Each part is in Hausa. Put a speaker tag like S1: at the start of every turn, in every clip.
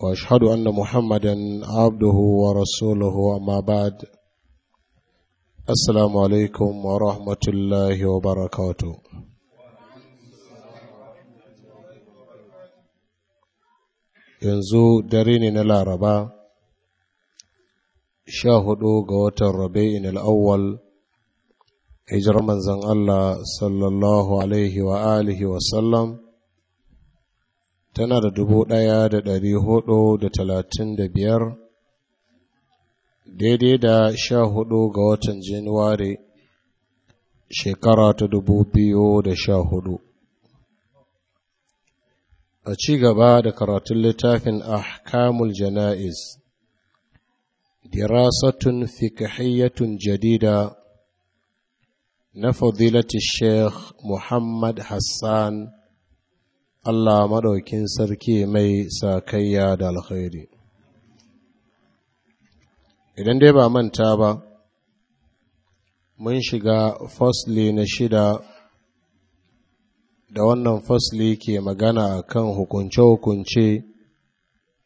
S1: واشهد ان محمدا عبده ورسوله اما بعد السلام عليكم ورحمه الله وبركاته yanzu dare ne na laraba sha hudu ga watan rabi'in al'awwal hijirar manzan allah sallallahu alaihi wa tana da dubu ɗaya da ɗari hudu da talatin da biyar daidai da sha hudu ga watan januwari shekara ta dubu biyu da sha hudu a ci gaba da karatun littafin ahkamul jana'iz dirasatun fikahiyyatun jadida na fadilati sheikh muhammad hassan Allah maɗaukin sarki mai sakayya da alkhairi idan dai ba manta ba mun shiga fasli na shida da wannan fasli ke magana kan hukunce-hukunce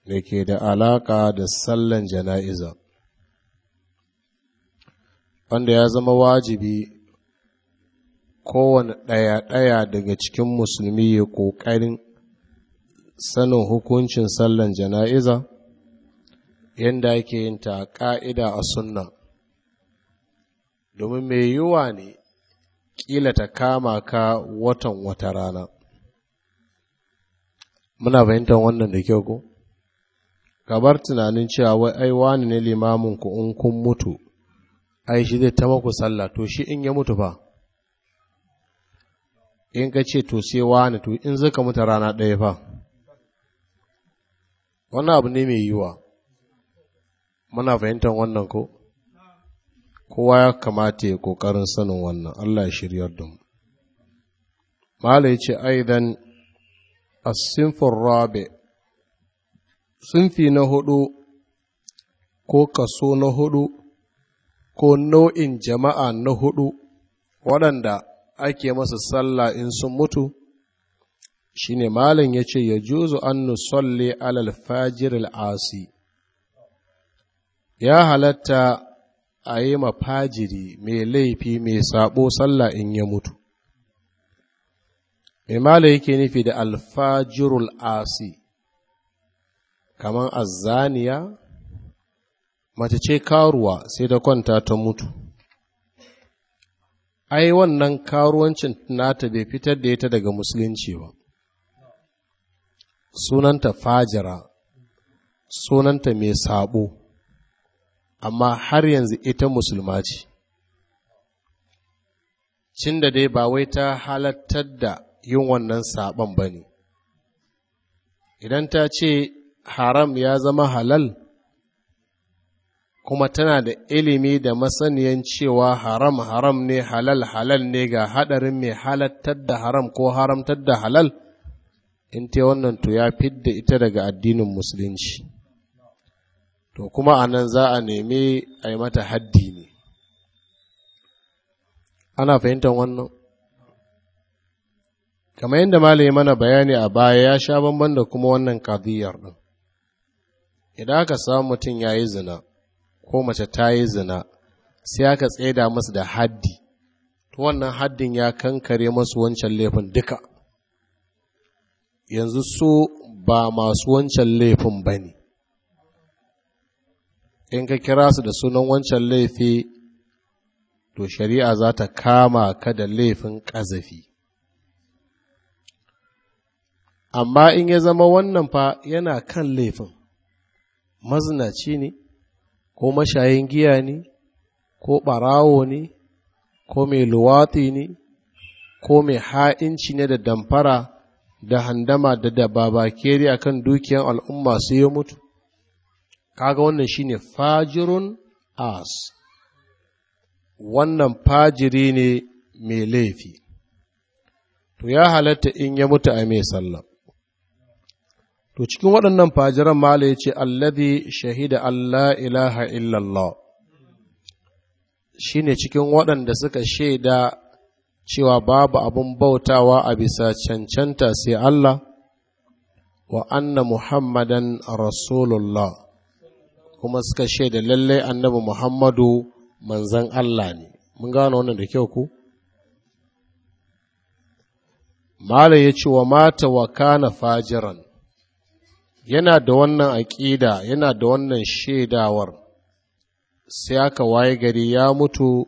S1: da ke da alaƙa da sallan jana'iza wanda ya zama wajibi kowane ɗaya-ɗaya daga cikin musulmi ya ƙoƙarin sanin hukuncin sallan jana'iza yadda ake yin ta ƙa'ida a sunna domin mai yiwuwa ne ƙila ta kama ka watan wata rana muna fahimtar wannan da kyau ko gabar tunanin cewa wai ai wani ne limamin ku in kun mutu ai shi zai ta maku sallah to shi in ya mutu ba in ka ce to sai wani to in ka mutu rana ɗaya fa wannan abu ne mai yiwa muna fahimtar wannan ko kowa ya kamata ya ƙoƙarin sanin wannan Allah ya shiryar da mu mala ce aidan a sinfur rabe sinfi na hudu ko kaso na hudu ko nau'in jama'a na hudu waɗanda ake masa sallah in sun mutu shine malam ya ce ya juzu an nusalli alal fajir asi ya halatta a yi mafajiri mai laifi mai sabo sallah in ya mutu imala yake nufi da alfajirul asi kamar azzaniya mace ce karuwa sai ta kwanta ta mutu ai wannan karuwancin nata bai fitar da ita daga musulunci ba sunanta fajira sunanta mai sabo amma har yanzu ita musulma ce cin da dai ba wai ta halattar da yin wannan saɓon ba ne idan ta ce haram ya zama halal kuma tana da ilimi da masaniyan cewa haram haram ne halal halal ne ga hadarin mai halattar da haram ko haramtar da halal in te wannan to ya fidda ita daga addinin musulunci to kuma a nan za a nemi a yi mata haddi ne ana fahimtar wannan kamar yadda malami mana bayani a baya ya sha bamban da kuma wannan kadiyar din idan aka samu mutum ya yi zina ko mace ta yi zina sai aka tsaida masu da haddi to wannan haddin ya kankare masu wancan laifin duka yanzu so ba masu wancan laifin ba ne in ka kira su da sunan wancan laifi to shari'a za ta kama ka da laifin ƙazafi amma in ya zama wannan fa yana kan laifin mazinaci ne ko mashayin giya ne ko ɓarawo ne ko mai luwatsi ne ko mai ha'inci ne da damfara da handama da keri a kan dukiyar al'umma sai ya mutu kaga wannan shine fajirun as wannan fajiri ne mai laifi to ya halatta in ya mutu a mai sallam to cikin waɗannan fajiran mala ya ce alladhi shahida Allah ilaha illallah shine cikin waɗanda suka shaida cewa babu abun bautawa a bisa cancanta sai Allah wa anna muhammadan rasulullah kuma suka shaida lallai annabi muhammadu manzan Allah ne mun gano wannan da kyau ku Malam ya ce wa mata wa kana fajiran yana da wannan aƙida yana da wannan shaidawar sai aka waye gari ya mutu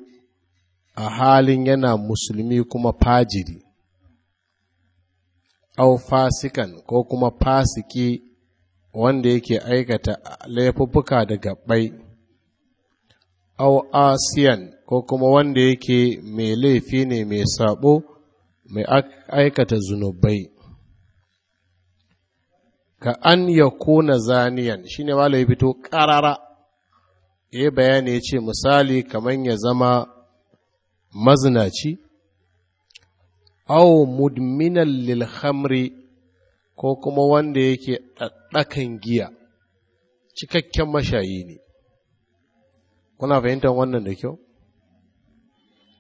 S1: a halin yana musulmi kuma fajiri au fasikan ko kuma fasiki wanda yake aikata laifuffuka da gabbai au asiyan ko kuma wanda yake mai laifi ne mai sabo mai aikata zunubai ka an ya kona zaniyan shi ne ya fito ƙarara ya bayani ya ce misali kamar ya zama mazinaci aw mudminan lil khamri ko kuma wanda yake ɗaɗɗakan giya cikakken mashayi ne kuna fahimtar wannan da kyau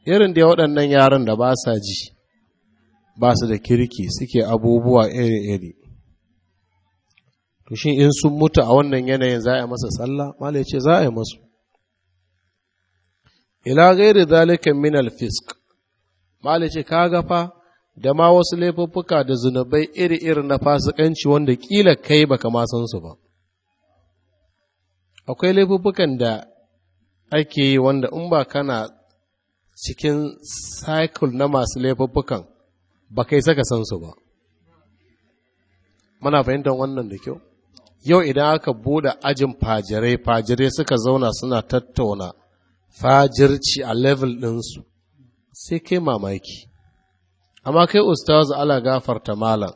S1: irin da waɗannan yaran da ba sa ji ba su da kirki suke abubuwa iri-iri to shi in sun mutu a wannan yanayin za a yi masa sallah malai ce za a yi masu ila gairi zalika min alfisk malai ce ka fa da ma wasu laifuffuka da zunubai iri-iri na fasikanci wanda kila kai baka ma san su ba akwai laifuffukan da ake yi wanda in ba kana cikin cycle na masu laifuffukan ba kai saka san su ba muna fahimtar wannan da kyau yau idan aka bude ajin fajirai fajirai suka zauna suna tattauna fajirci a level ɗinsu sai kai mamaki amma kai ustaz ala gafarta malam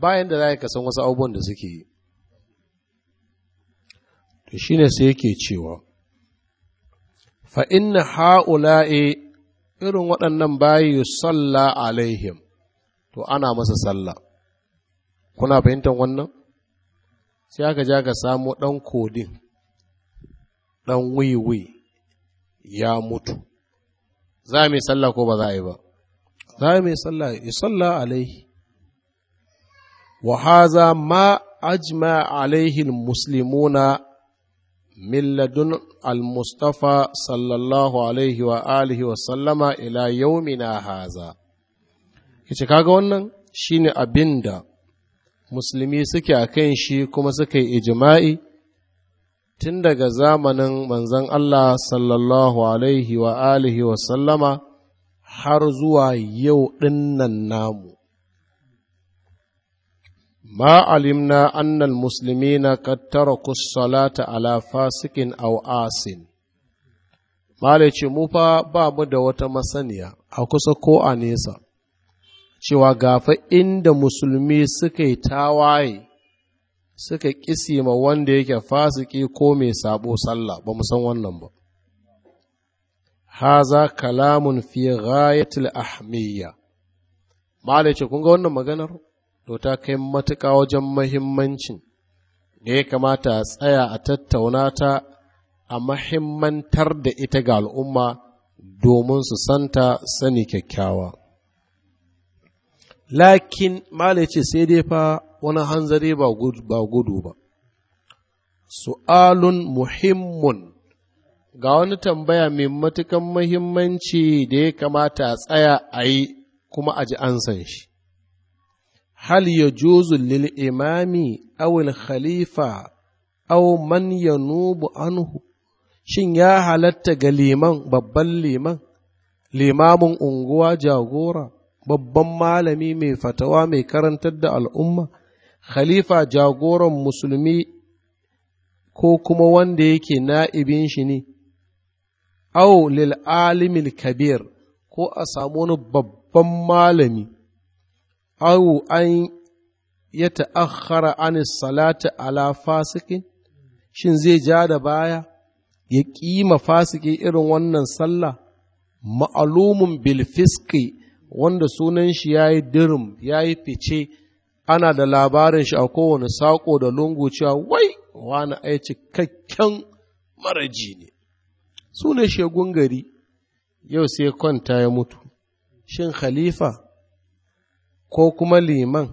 S1: bayan da za ka san wasu abubuwan da suke yi to shine sai yake cewa fa inna ha'ula'i irin waɗannan bayi salla alaihim to ana masa sallah kuna fahimtar wannan sai aka ja ka samu ɗan kodin ɗan wiwi ya mutu za mai sallah ko ba za a yi ba za mai sallah ya sallah alaihi wa haza ma ajma alaihi muslimuna min al-mustafa sallallahu alaihi wa alihi wa sallama ila yaumina haza kace kaga wannan shine abinda musulmi suke a kan shi kuma suka yi ijima'i tun daga zamanin manzon Allah sallallahu alaihi wa alihi wa sallama har zuwa yau ɗin nan namu. Ma alimna annal musulmi na kattara kusurata ala fasikin au asin. ce, mu fa ba mu da wata masaniya a kusa ko a nesa. cewa gafa inda musulmi suka yi tawaye suka ma wanda yake fasiki ko mai sabo sallah ba san wannan ba haza kalamun fi ghayatil ahmiya ce kun ga wannan maganar to ta kai matuƙa wajen muhimmancin. da ya kamata a tsaya a tattauna ta a mahimmantar da ita ga al'umma domin su santa sani kyakkyawa lakin mala ce sai dai fa wani hanzari ba gudu ba su'alun muhimmun ga wani tambaya mai matukan muhimmanci da ya kamata a tsaya a yi kuma a ji an san shi hal ya juzu lil imami awil khalifa aw man yanubu anhu shin ya halatta ga liman babban liman limamin unguwa jagora babban malami mai fatawa mai karantar da al'umma khalifa jagoran musulmi ko kuma wanda yake na'ibin shi ne au lil'alimin kabir ko a samu wani babban malami au an ya ta'akhara an salata ala fasikin shin zai ja da baya ya ƙima fasiki irin wannan sallah ma'alumin bilfiski wanda sunan shi ya yi dirim ya yi fice ana da labarin shi a kowane saƙo da lungu cewa wai wani ai cikakken maraji ne suna shegun gari yau sai kwanta ya mutu shin khalifa ko kuma liman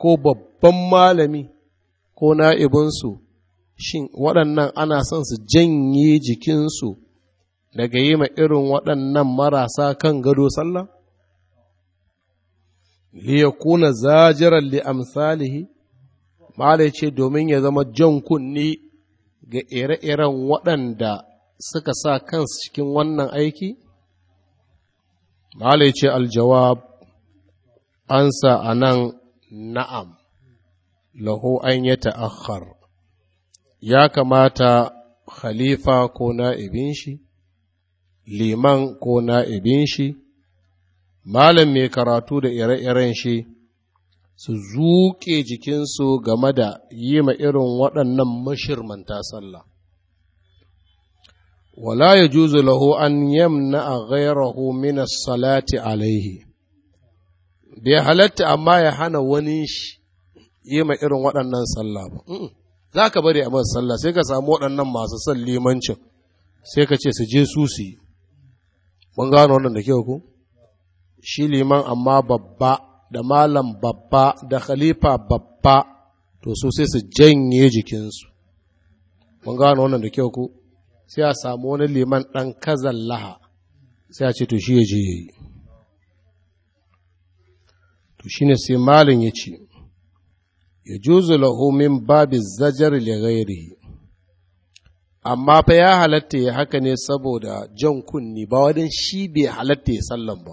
S1: ko babban malami ko na'ibinsu shin waɗannan ana son su janye jikinsu daga yi ma irin waɗannan marasa kan gado sallah liyakuna zajiran li amsalihi malai ce domin ya zama jan kunni ga ire-iren waɗanda suka sa kansu cikin wannan aiki malai ce aljawab ansa a nan na'am lahu an ya ta'akhar ya kamata khalifa ko na'ibin shi liman ko na'ibin shi malam mai karatu da ire-iren shi su zuƙe jikinsu game da yi ma irin waɗannan mashirmanta sallah wala ya juzu lahu an yamna a ghairahu min salati alaihi bai halatta amma ya hana wani shi yi ma irin waɗannan sallah ba za ka bari a masa sallah sai ka samu waɗannan masu son limancin sai ka ce su je su su yi mun gano wannan da kyau ku shi liman amma babba da malam babba da khalifa babba to su sai su janye jikinsu mun gano wannan da kyau ku sai a samu wani liman ɗan laha sai a ce to shi ya je yi to shi ne sai malin ya ce ya juzu lahu babi zajar li amma fa ya halatta ya haka ne saboda jan kunni ba wadan shi bai halatta ya sallan ba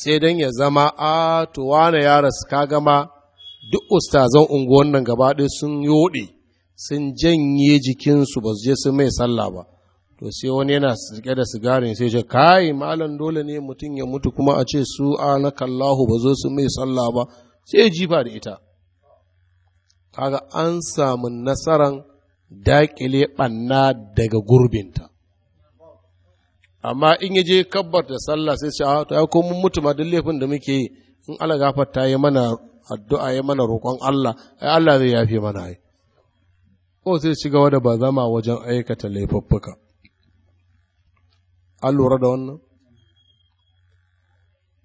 S1: sai don ya zama a to ya rasu ka gama duk ustazan unguwan nan gaba ɗaya sun yoɗe sun janye jikinsu ba su je sun mai sallah ba to sai wani yana rike da sigarin sai ce kai malam dole ne mutum ya mutu kuma a ce su na kallahu ba zo su mai sallah ba sai jifa da ita kaga an samu nasaran daƙile ɓanna daga gurbinta amma in ya je kabbar da sallah sai ce ah, ta ya komun mutu ma duk laifin da muke yi in Allah gafar ta yi mana addu'a ya mana roƙon Allah ai Allah zai yafe mana ai ko sai shiga gaba ba zama wajen aikata laifuffuka an lura da wannan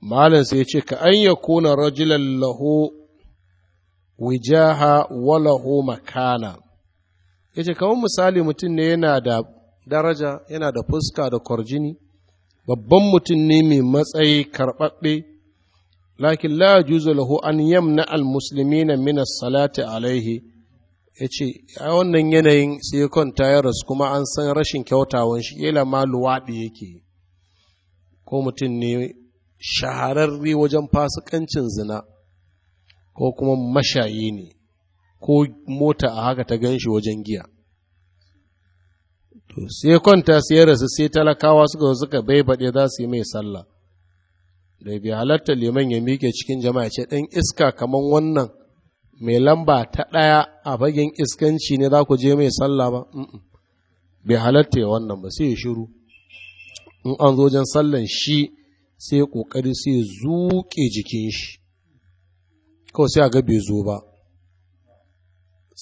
S1: malam sai ce ka an ya kuna rajulan lahu wijaha wa lahu makana yace kamar misali mutum ne yana da daraja yana da fuska da kwarjini babban mutum ne mai matsayi karɓaɓɓe lakin la juzu lahu an yamna al muslimina min salati alaihi yace a wannan yanayin sai kwanta ya rasu kuma an san rashin kyautawan shi kila ma luwaɗi yake ko mutum ne shahararre wajen fasikancin zina ko kuma mashayi ne ko mota a haka ta gan shi wajen giya to sai kwanta siyar rasu sai talakawa suka suka bade za su yi mai sallah da bi halatta liman ya mike cikin jama'a ce dan iska kaman wannan mai lamba ta ɗaya a fagen iskanci ne za ku je mai sallah ba bai halatta ya wannan ba sai shiru in an zo jan sallan shi sai kokari sai zuke zuƙe jikin shi kawai sai ga bai zo ba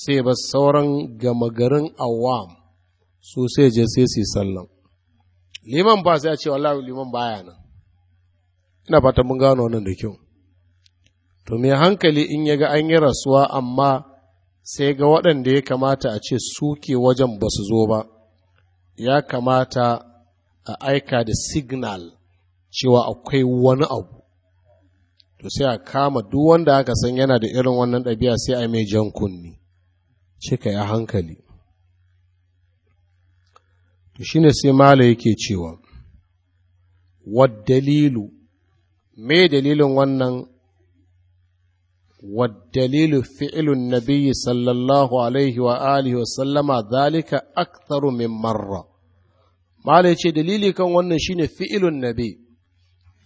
S1: sai ba sauran gama garin awam su sai je sai su yi sallan liman ba sai a ce wallahi liman baya nan ina fata mun gano wannan da kyau to me hankali in ya ga an yi rasuwa amma sai ga waɗanda ya kamata a ce suke wajen ba su zo ba ya kamata a aika da signal cewa akwai wani abu to sai a kama duk wanda aka san yana da irin wannan ɗabi'a sai a mai jan kunni cika ya hankali shi ne sai malo yake cewa wad dalilu me dalilin wannan wad dalilu fi'ilun nabiyyi sallallahu alaihi wa alihi wa sallama zalika aktharu min marra malo ya dalili kan wannan shine fi'ilun nabi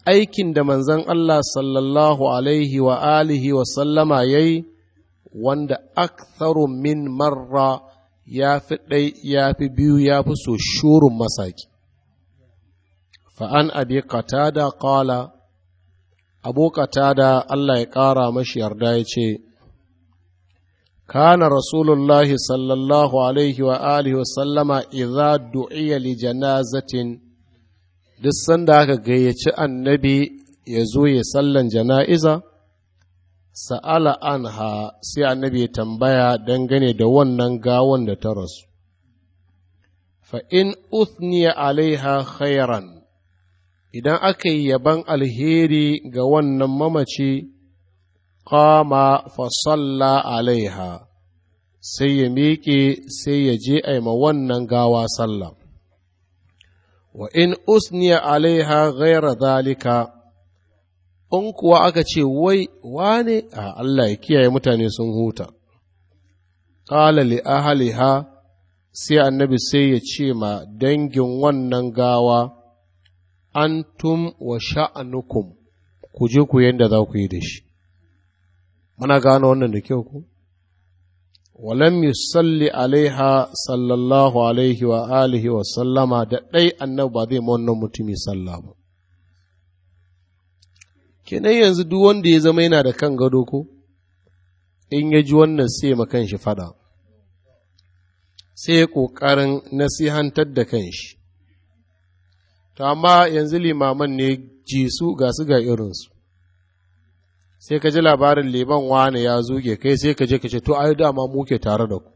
S1: aikin da manzan Allah sallallahu alaihi wa alihi wa sallama yayi wanda aktharu min marra ya fi ɗai ya fi biyu ya fi so shurun masaki fa'an abi da qala abu qatada Allah ya ƙara mashi yarda ya ce kana rasulullahi sallallahu alaihi wa alihi wa sallama idza du'iya li janazatin duk sanda aka gayyaci annabi ya zo ya sallan jana'iza sa'ala anha sai annabi tambaya dangane da wannan gawon da ta rasu fa'in uthniya alaiha khairan idan aka yi yaban alheri ga wannan mamaci kama fasalla alaiha sai ya miƙe sai ya je aima wannan gawa sallah wa in alaiha ghaira zalika in kuwa aka ce wai wane a Allah ya kiyaye mutane sun huta ƙala li ahaliha sai annabi sai ya ce ma dangin wannan gawa an antum wa sha'anukum ku je ku yanda za ku yi da shi muna gano wannan da kyau ku walam yusalli alaiha sallallahu alaihi wa alihi wa sallama da ɗai annabi ba zai ma wannan mutumi sallah ba kenan yanzu duk wanda ya zama yana da kan gado ko in ya ji wannan sai ma kanshi fada sai ya ƙoƙarin nasihantar da kanshi to amma yanzu limaman ne ji su ga su ga irinsu sai ka ji labarin liman wane ya zuge kai sai ka je ka ce to ai dama muke tare da ku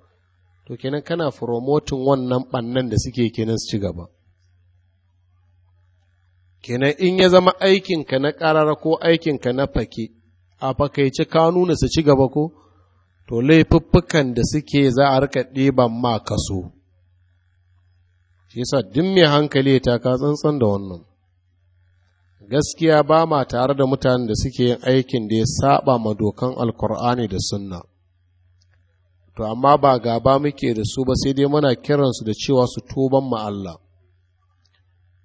S1: to kenan kana promoting wannan bannan da suke kenan su ci gaba kenan in ya zama aikinka na ƙarara ko aikinka na fake a fakaici ka nuna su ci gaba ko to laifuffukan da suke za a rika ɗiban ma kaso shi yasa duk mai hankali ya taka tsantsan da wannan gaskiya ba ma tare da mutanen da suke yin aikin da ya saba ma dokan alkur'ani da sunna to amma ba gaba muke da su ba sai dai muna kiransu da cewa su tuban ma Allah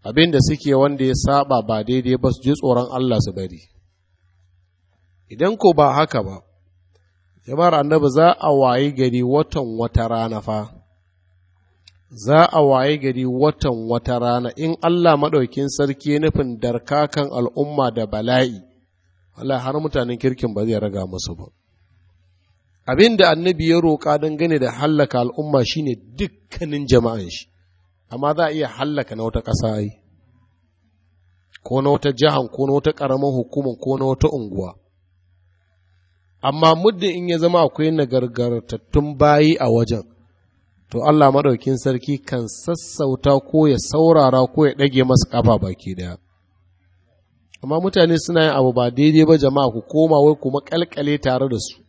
S1: abin da suke wanda ya saba ba daidai ba su je tsoron Allah su bari idan ko ba haka ba jama'ar annabi za a waye gari watan wata rana fa za a waye gari watan wata rana in Allah maɗaukin sarki nufin darkakan al'umma da bala'i Allah har mutanen kirkin ba zai raga musu ba abin da annabi ya roƙa dangane da hallaka al'umma shine dukkanin jama'an shi amma za a iya hallaka na wata ƙasa yi ko na wata jihan ko na wata ƙaramin hukumar ko na wata unguwa amma muddin in ya zama akwai nagargartattun bayi a wajen to Allah maɗaukin sarki kan sassauta ko ya saurara ko ya ɗage masa ƙafa baki ɗaya amma mutane suna yin abu ba daidai ba jama'a ku koma wai kuma ƙalƙale tare da su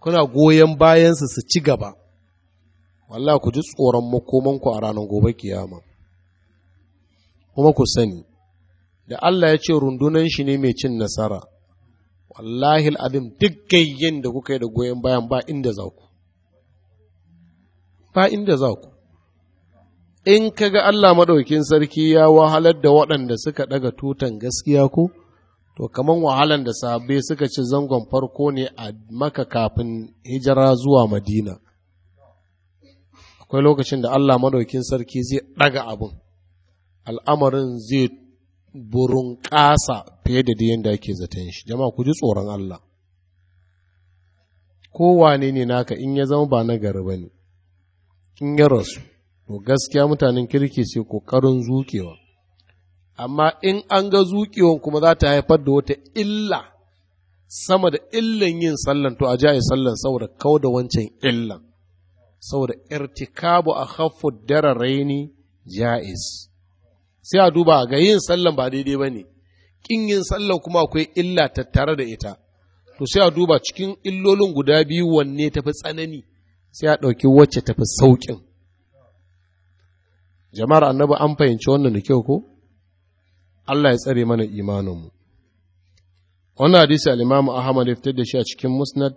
S1: kuna goyon bayansu su ci gaba wallahi ku ji tsoron makomanku a ranar gobe kiyama kuma ku sani da Allah ya ce rundunan shi ne mai cin nasara wallahi al'adim duk gayyen da kuka yi da goyon bayan ba inda za ku ba inda za ku in ka ga Allah maɗaukin sarki ya wahalar da waɗanda suka ɗaga tutan gaskiya ko to kamar wahalar da sahabbai suka ci zangon farko ne a maka kafin hijira zuwa madina akwai lokacin da Allah madaukin sarki zai ɗaga abin al'amarin zai burun ƙasa fiye da diyan da ake zaton shi jama'a ku ji tsoron Allah kowane ne naka in ya zama ba nagari ba ne in ya rasu to gaskiya mutanen kirki sai ƙoƙarin zukewa amma in an ga zuƙewan kuma za ta haifar da wata illa sama da illan yin sallan to a ji a sallan saboda kau da wancan illan saboda irtikabu a haffu dararaini ja'iz sai a duba ga yin sallan ba daidai ba ne ƙin yin sallan kuma akwai illa tattare da ita to sai a duba cikin illolin guda biyu wanne tafi tsanani sai a ɗauki wacce tafi sauƙin jama'ar annabi an fahimci wannan da kyau ko Allah ya tsare mana imaninmu wannan hadisi al imamu Ahmad ya fitar da shi a cikin Musnad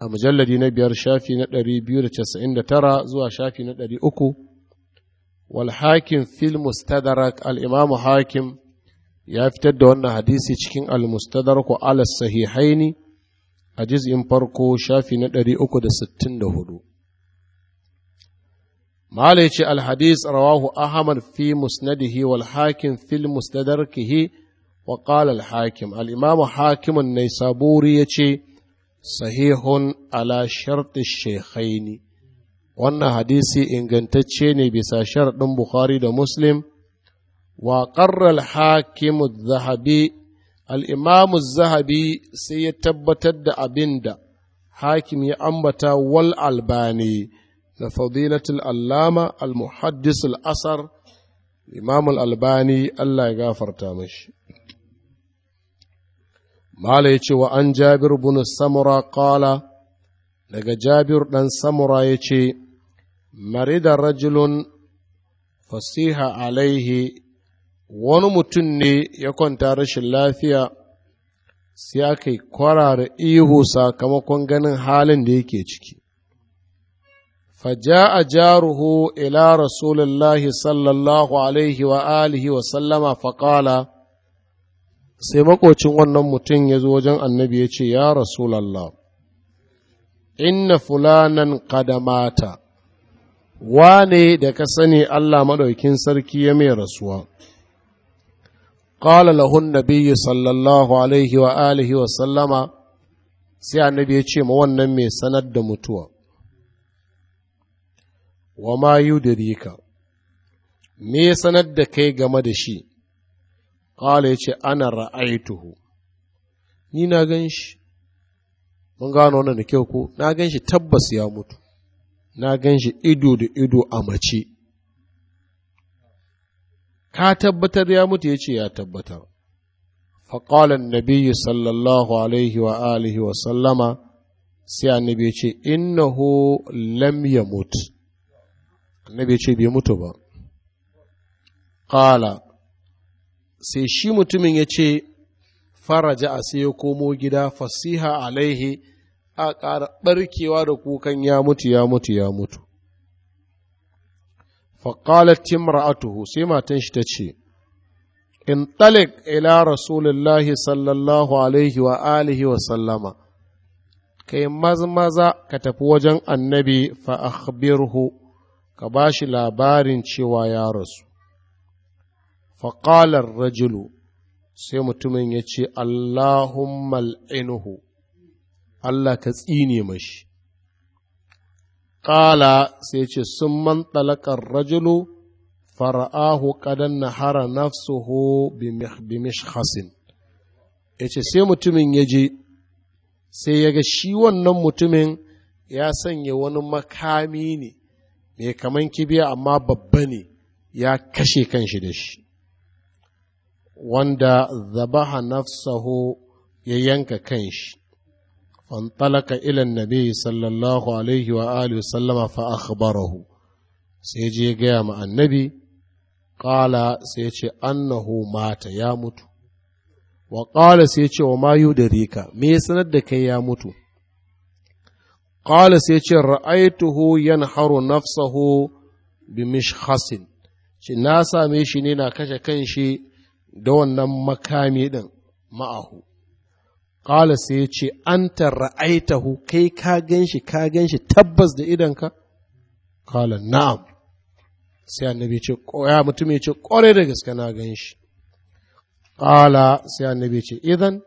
S1: a mujalladi na biyar shafi na ɗari biyu da casa'in da tara zuwa shafi na ɗari uku wal Filmus fil mustadrak al imamu hakim ya fitar da wannan hadisi cikin al mustadrak sahihaini a juz'in farko shafi na ɗari uku da sittin da hudu mala ya ce rawahu ahmad fi musnadihi wal hakim fil mustadrakihi wa qala al hakim al imamu hakimun naisaburi ya ce sahihun ala sharti shekhaini wannan hadisi ingantacce ne bisa sharɗin bukhari da muslim wa ƙarral hakimu zahabi sai ya tabbatar da abinda hakim ya ambata wal albani da fadilatul allama al asar imam albani allah ya gafarta mashi mala ya ce wa an jabir bin samura kala daga jabir ɗan samura ya ce marida rajulun fasiha alaihi wani mutum ne ya kwanta rashin lafiya sai aka yi kwarara ihu sakamakon ganin halin da yake ciki faja'a jaruhu ila رسول Sallallahu alaihi الله wa sallama fa فقال: sai makocin wannan mutum ya zo wajen annabi ya ce ya rasulallah inna fulanan kadamata wane da ka sani Allah maɗaukin sarki ya mai rasuwa lahun له sallallahu alaihi wa alihi wa sallama sai annabi ya ce ma wannan mai sanar da mutuwa wa ma rika? me sanar da kai game da shi Ƙala ya ce, Ana ra’aituhu, ni na gan shi, mun gano wannan da kyau ko, na gan shi tabbas ya mutu, na gan shi ido da ido a mace. Ka tabbatar ya mutu ya ce ya tabbatar. Faƙala nabiyyu sallallahu alaihi wa alihi wa sallama sai annabi ya ce, Innahu lam ya mutu, annabi ya ce, bai mutu ba. Ƙala. sai shi mutumin ya ce faraja a sai ya komo gida fasiha alaihi a ƙara ɓarkewa da kukan ya mutu ya mutu ya mutu faƙalar timra'atuhu sai matan shi ta ce in ɗalik ila rasulullahi sallallahu alaihi wa alihi wa sallama kai mazmaza ka tafi wajen annabi fa akhbirhu ka ba shi labarin cewa ya rasu faƙalar rajulu sai mutumin ya ce Allahumma al'inuhu Allah ka tsine mashi ƙala sai ce sun man talakar rajulu fara'ahu ƙadan na hara nafsuhu bimishhasin ya ce sai mutumin ya je sai yaga shi wannan mutumin ya sanya wani makami ne mai kaman kibiya amma babba ne ya kashe kanshi da shi wanda zabaha nafsahu ya yanka kanshi fantalaka ilan nabi sallallahu alaihi wa alihi sallama fa akhbarahu sai je gaya ma annabi qala sai ce annahu mata ya mutu wa qala sai ce wa ma yudirika me sanar da kai ya mutu qala sai ce ra'aituhu yanharu nafsahu bi mishhasin, shi na same shi ne na kashe kanshi da wannan makami ɗin ma'ahu. Ƙala sai ce, An ra'aitahu kai ka gan shi, ka gan shi tabbas da idanka? Ƙala na'am. Sai annabi ce, ya mutum ya ce, ƙwarai da gaske na gan shi. Ƙala sai annabi ce, Idan,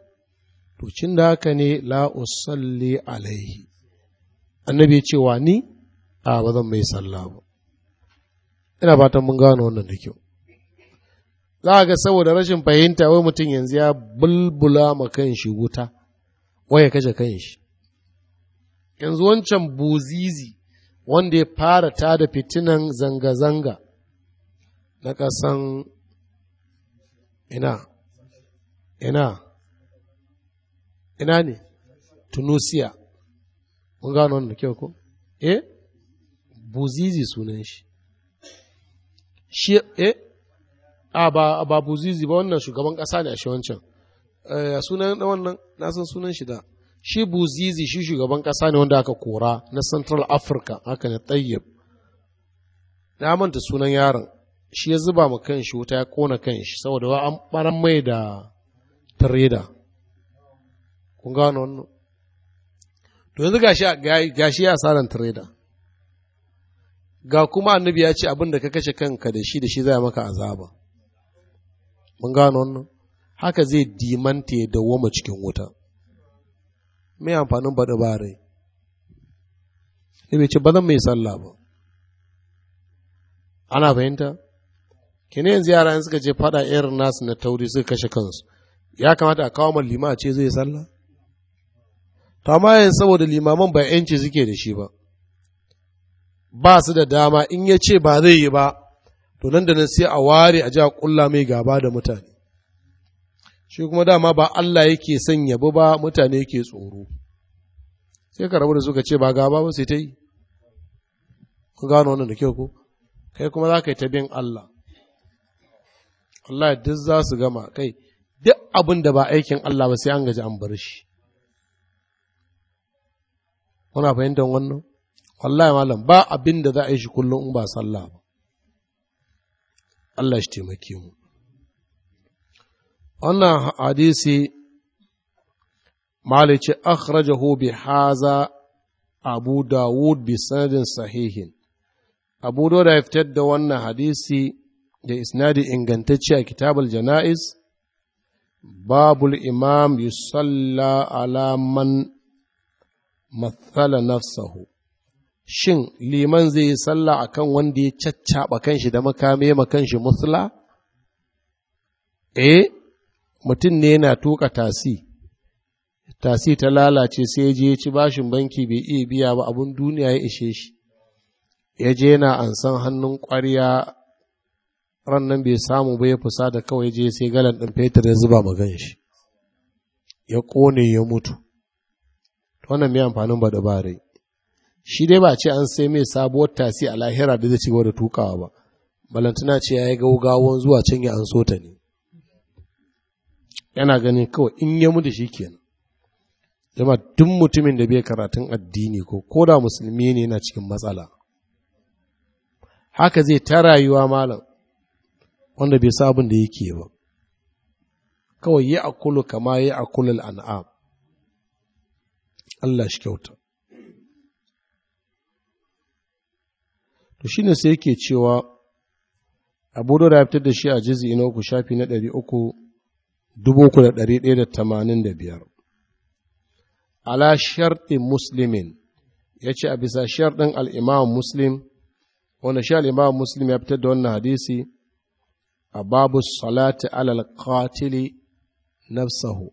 S1: to cin da haka ne la'usalli alaihi. Annabi ya ce, Wa ni? A ba zan mai sallah ba. Ina fatan mun gano wannan da kyau. za ga saboda rashin fahimta wai mutum yanzu ya bulbula ma kan shi wuta wai ya kashe kan shi yanzu wancan buzizi wanda ya fara ta da fitinan zanga-zanga na ƙasan ina ina ina ne tunisia kun gano wanda kyau ko eh buzizi sunan shi shi eh a ba ba buzizi ba wannan shugaban ƙasa ne a shi wancan eh, sunan da wannan na san sunan shi da shi buzizi shi shugaban ƙasa ne wanda aka kora na central africa haka ne tsayyab na manta sunan yaron shi ya zuba ma kanshi wuta ya kona kanshi saboda wa an baran mai da trader kun gano wannan to yanzu gashi ya saran trader ga kuma annabi ya ce abin da ka kashe kanka da shi da shi zai maka azaba mun gano wannan haka zai dimanta ya dawoma cikin wuta mai amfanin baɗi ba rai bai ce ba zan mai sallah ba ana fahimta ne yanzu yara in suka ce faɗa irin nasu na tauri suka kashe kansu ya kamata a kawo ma lima a ce zai sallah ta ma saboda limaman ba yanci suke da shi ba ba su da dama in ya ce ba zai yi ba to nan da nan sai a ware a ji a ƙulla mai gaba da mutane shi kuma dama ba Allah yake son yabo ba mutane yake tsoro sai ka rabu da suka ce ba gaba ba sai ta yi ku gano wannan da kyau ko kai kuma za ka yi ta bin Allah Allah duk za su gama kai duk abin da ba aikin Allah ba sai an gaji an bar shi muna fahimtar wannan wallahi malam ba abin da za a yi shi kullum in ba sallah ba Allah shi taimake mu wannan hadisi malice akhrajahu bi haza abu dawud bi sanadin sahihin abu dawud ya fitar da wannan hadisi da isnadi ingantacce a kitabul jana'is babul imam yusalla ala man mathala nafsahu shin liman zai yi sallah kan wanda ya caccaɓa kanshi da makame makanshi musla eh mutum ne yana tuka tasi tasi ta lalace sai ya je ci bashin banki bai iya biya ba abun duniya ya ishe shi ya je yana ansan hannun ƙwarya ran bai samu ba ya fusa da kawai je sai galan ɗin fetur ya zuba magan shi ya ƙone ya mutu wannan mai amfanin ba da rai. shi dai ba ce an sai mai sabuwar tasi a lahira da zai cigaba da tukawa ba balantana ce ya yi gaugawan zuwa can ya an so ne yana ganin kawai in ya mutu shi kenan zama duk mutumin da bai karatun addini ko ko da musulmi ne yana cikin matsala haka zai ta rayuwa malam wanda bai sabon da yake ba kawai yi akulu kama yi akulul an'am Allah shi kyauta to ne sai ke cewa abu da ya fitar da shi a jizi ina uku shafi na ɗari uku dubu uku da ɗari ɗaya da tamanin da biyar ala shardin muslimin ya ce a bisa sharɗin al'imam muslim wanda shi al'imam muslim ya fitar da wannan hadisi a babu salati alal qatili nafsahu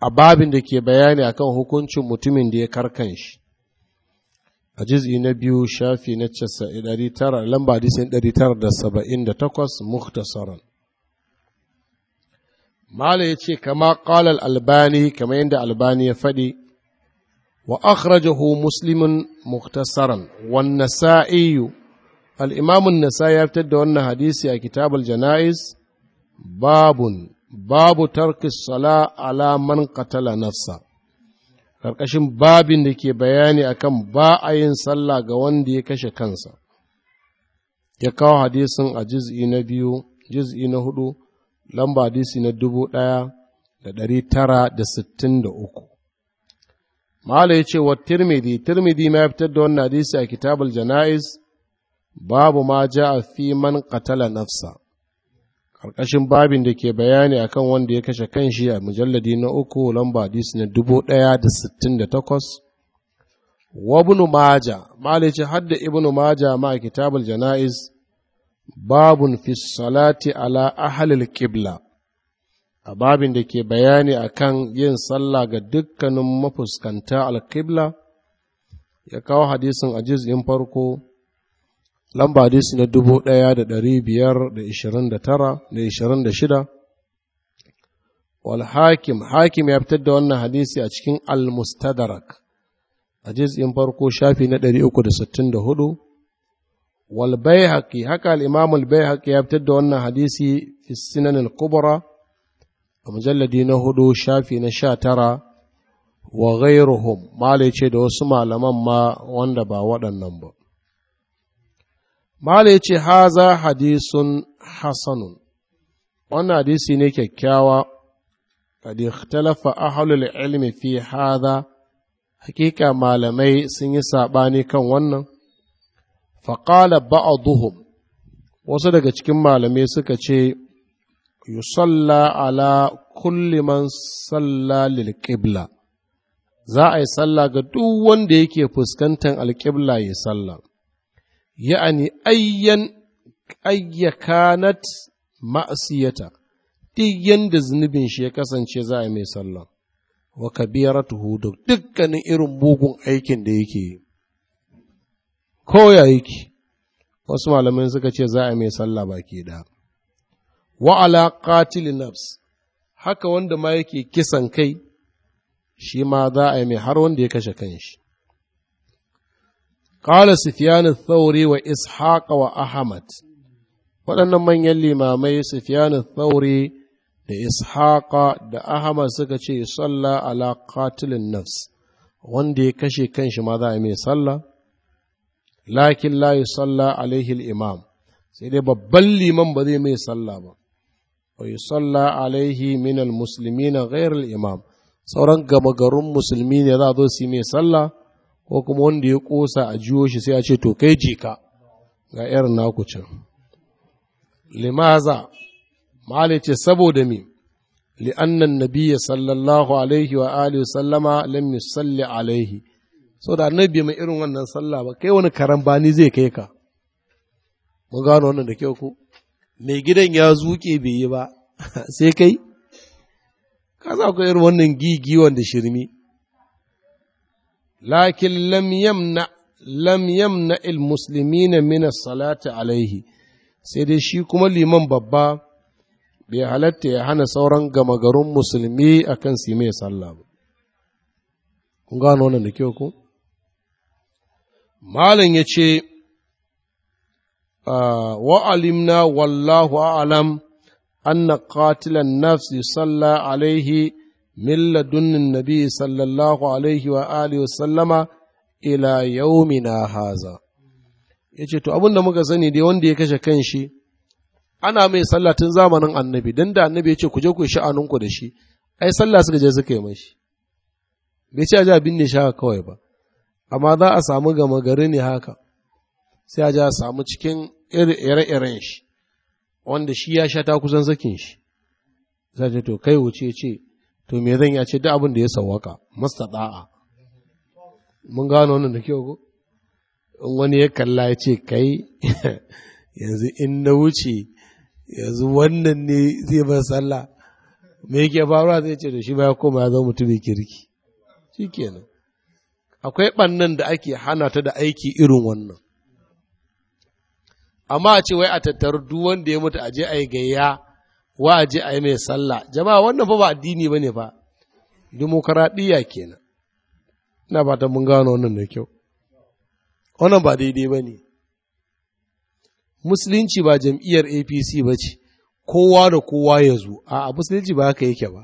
S1: a babin da ke bayani akan hukuncin mutumin da ya karkan shi a na biyu shafi na tara lamba hadisin 978 mala ya ce kama ƙalal albani kama yadda albani ya faɗi wa akhrajahu muslimin muhtasaran wan nasa'iyu al'imamun nasa ya fitar da wannan hadisi a kitabul jana'is babun babu tarkis sala ala man qatala nafsa ƙarƙashin babin da ke bayani akan ba a yin sallah ga wanda ya kashe kansa ya kawo hadisin a juz'i na biyu jiz'i na hudu lamba hadisi na dubu ɗaya da ɗari tara da sittin da uku Malam ya ce wa tirmidhi tirmidhi ma ya fitar da wannan hadisi a kitabul jana'iz babu ma a fi man qatala nafsa ƙarƙashin babin da ke bayani akan wanda ya kashe kan shi a mujalladi na uku lamba hadisi na da takwas ibn maja malice hadda ibn maja ma kitabul janaiz babun fi salati ala ahlil qibla a babin da ke bayani akan yin sallah ga dukkanin mafuskanta al-Kibla, ya kawo hadisin a juz'in farko lamba hadisi na dubu ɗaya da ɗari biyar da ishirin da tara da ishirin da shida wal hakim hakim ya fitar da wannan hadisi a cikin al a in farko shafi na ɗari uku da sittin da hudu wal haƙi haka al’imamul bai haƙi ya fitar da wannan hadisi fi sinanin al a mujalladi na hudu shafi na sha tara wa ghairuhum mala ce da wasu malaman ma wanda ba waɗannan ba Mala ya ce, Haza hadisun Hassanun, wannan hadisi ne kyakkyawa, kadi talafa ahalul ilmi fi haza, hakika malamai sun yi saɓani kan wannan, faƙala ba'aduhum, wasu daga cikin malamai suka ce, Yusalla ala kulli man salla lil za a yi sallah ga duk wanda yake fuskantar alƙibla ya sallah. ya'ani ayyan ayyakanat ma'asiyata duk yanda zunubin shi ya kasance za a mai sallah wa kabiratuhu da dukkanin irin mugun aikin da yake yi ko wasu malamai suka ce za a mai sallah baki da wa ala haka wanda ma yake kisan kai shi ma za a yi mai har wanda ya kashe kan shi. Ƙala Sufyan Thauri wa Ishaq wa Ahmad. Waɗannan manyan limamai Sufyan Thauri da Ishaq da Ahmad suka ce salla ala qatilin nafs wanda ya kashe kanshi ma za a mai sallah lakin la yusalla alaihi al-imam sai dai babban liman ba zai mai sallah ba wa yusalla alaihi min al-muslimin ghayr al-imam sauran gama garin musulmi ne za a zo su mai sallah ko kuma wanda ya kosa a jiyo shi sai a ce to kai je ka ga irin naku can limaza mali ce saboda mi annan nabiyya sallallahu alaihi wa alihi sallama lam yusalli alaihi da annabi mai irin wannan sallah ba kai wani karambani zai kai ka mun gano wannan da kyau ko mai gidan ya zuke bai yi ba sai kai ka za ku irin wannan gigi wanda shirmi lakin lam yamna lam yamna il muslimina alaihi sai dai shi kuma liman babba bai halatta ya hana sauran gama garin musulmi akan su mai sallah ba kun gano da kyau ko malam ya ce wa alimna wallahu a'lam anna qatilan nafsi salla alaihi min dunnin nabi sallallahu alaihi wa alihi sallama ila yaumina haza yace to abin da muka sani dai wanda ya kashe kanshi ana mai sallah tun zamanin annabi dan da annabi yace ku je ku sha'anin ku da shi ai sallah suka je suka yi mashi bai ce a ji abin da sha kawai ba amma za a samu gama gari ne haka sai a ji a samu cikin ire-iren shi wanda shi ya sha ta kusan sakin shi sai to kai wuce ce to me zan yi a ce duk abin da ya sawwaka da'a mun gano wannan da kyau ko in wani ya kalla ya ce kai yanzu in na wuce yanzu wannan ne zai bar sallah me yake faruwa zai ce da shi ba ya koma ya zama mutumin kirki shi kenan akwai ɓannan da ake hana ta da aiki irin wannan amma a ce wai a tattaru duk wanda ya mutu a je a yi gayya wa a je a yi mai sallah jama'a wannan fa ba addini ba ne ba ke kenan ina ba ta mun gano wannan da kyau wannan ba daidai ba ne musulunci ba jam'iyyar apc ba ce kowa da kowa ya zo a musulunci ba haka yake ba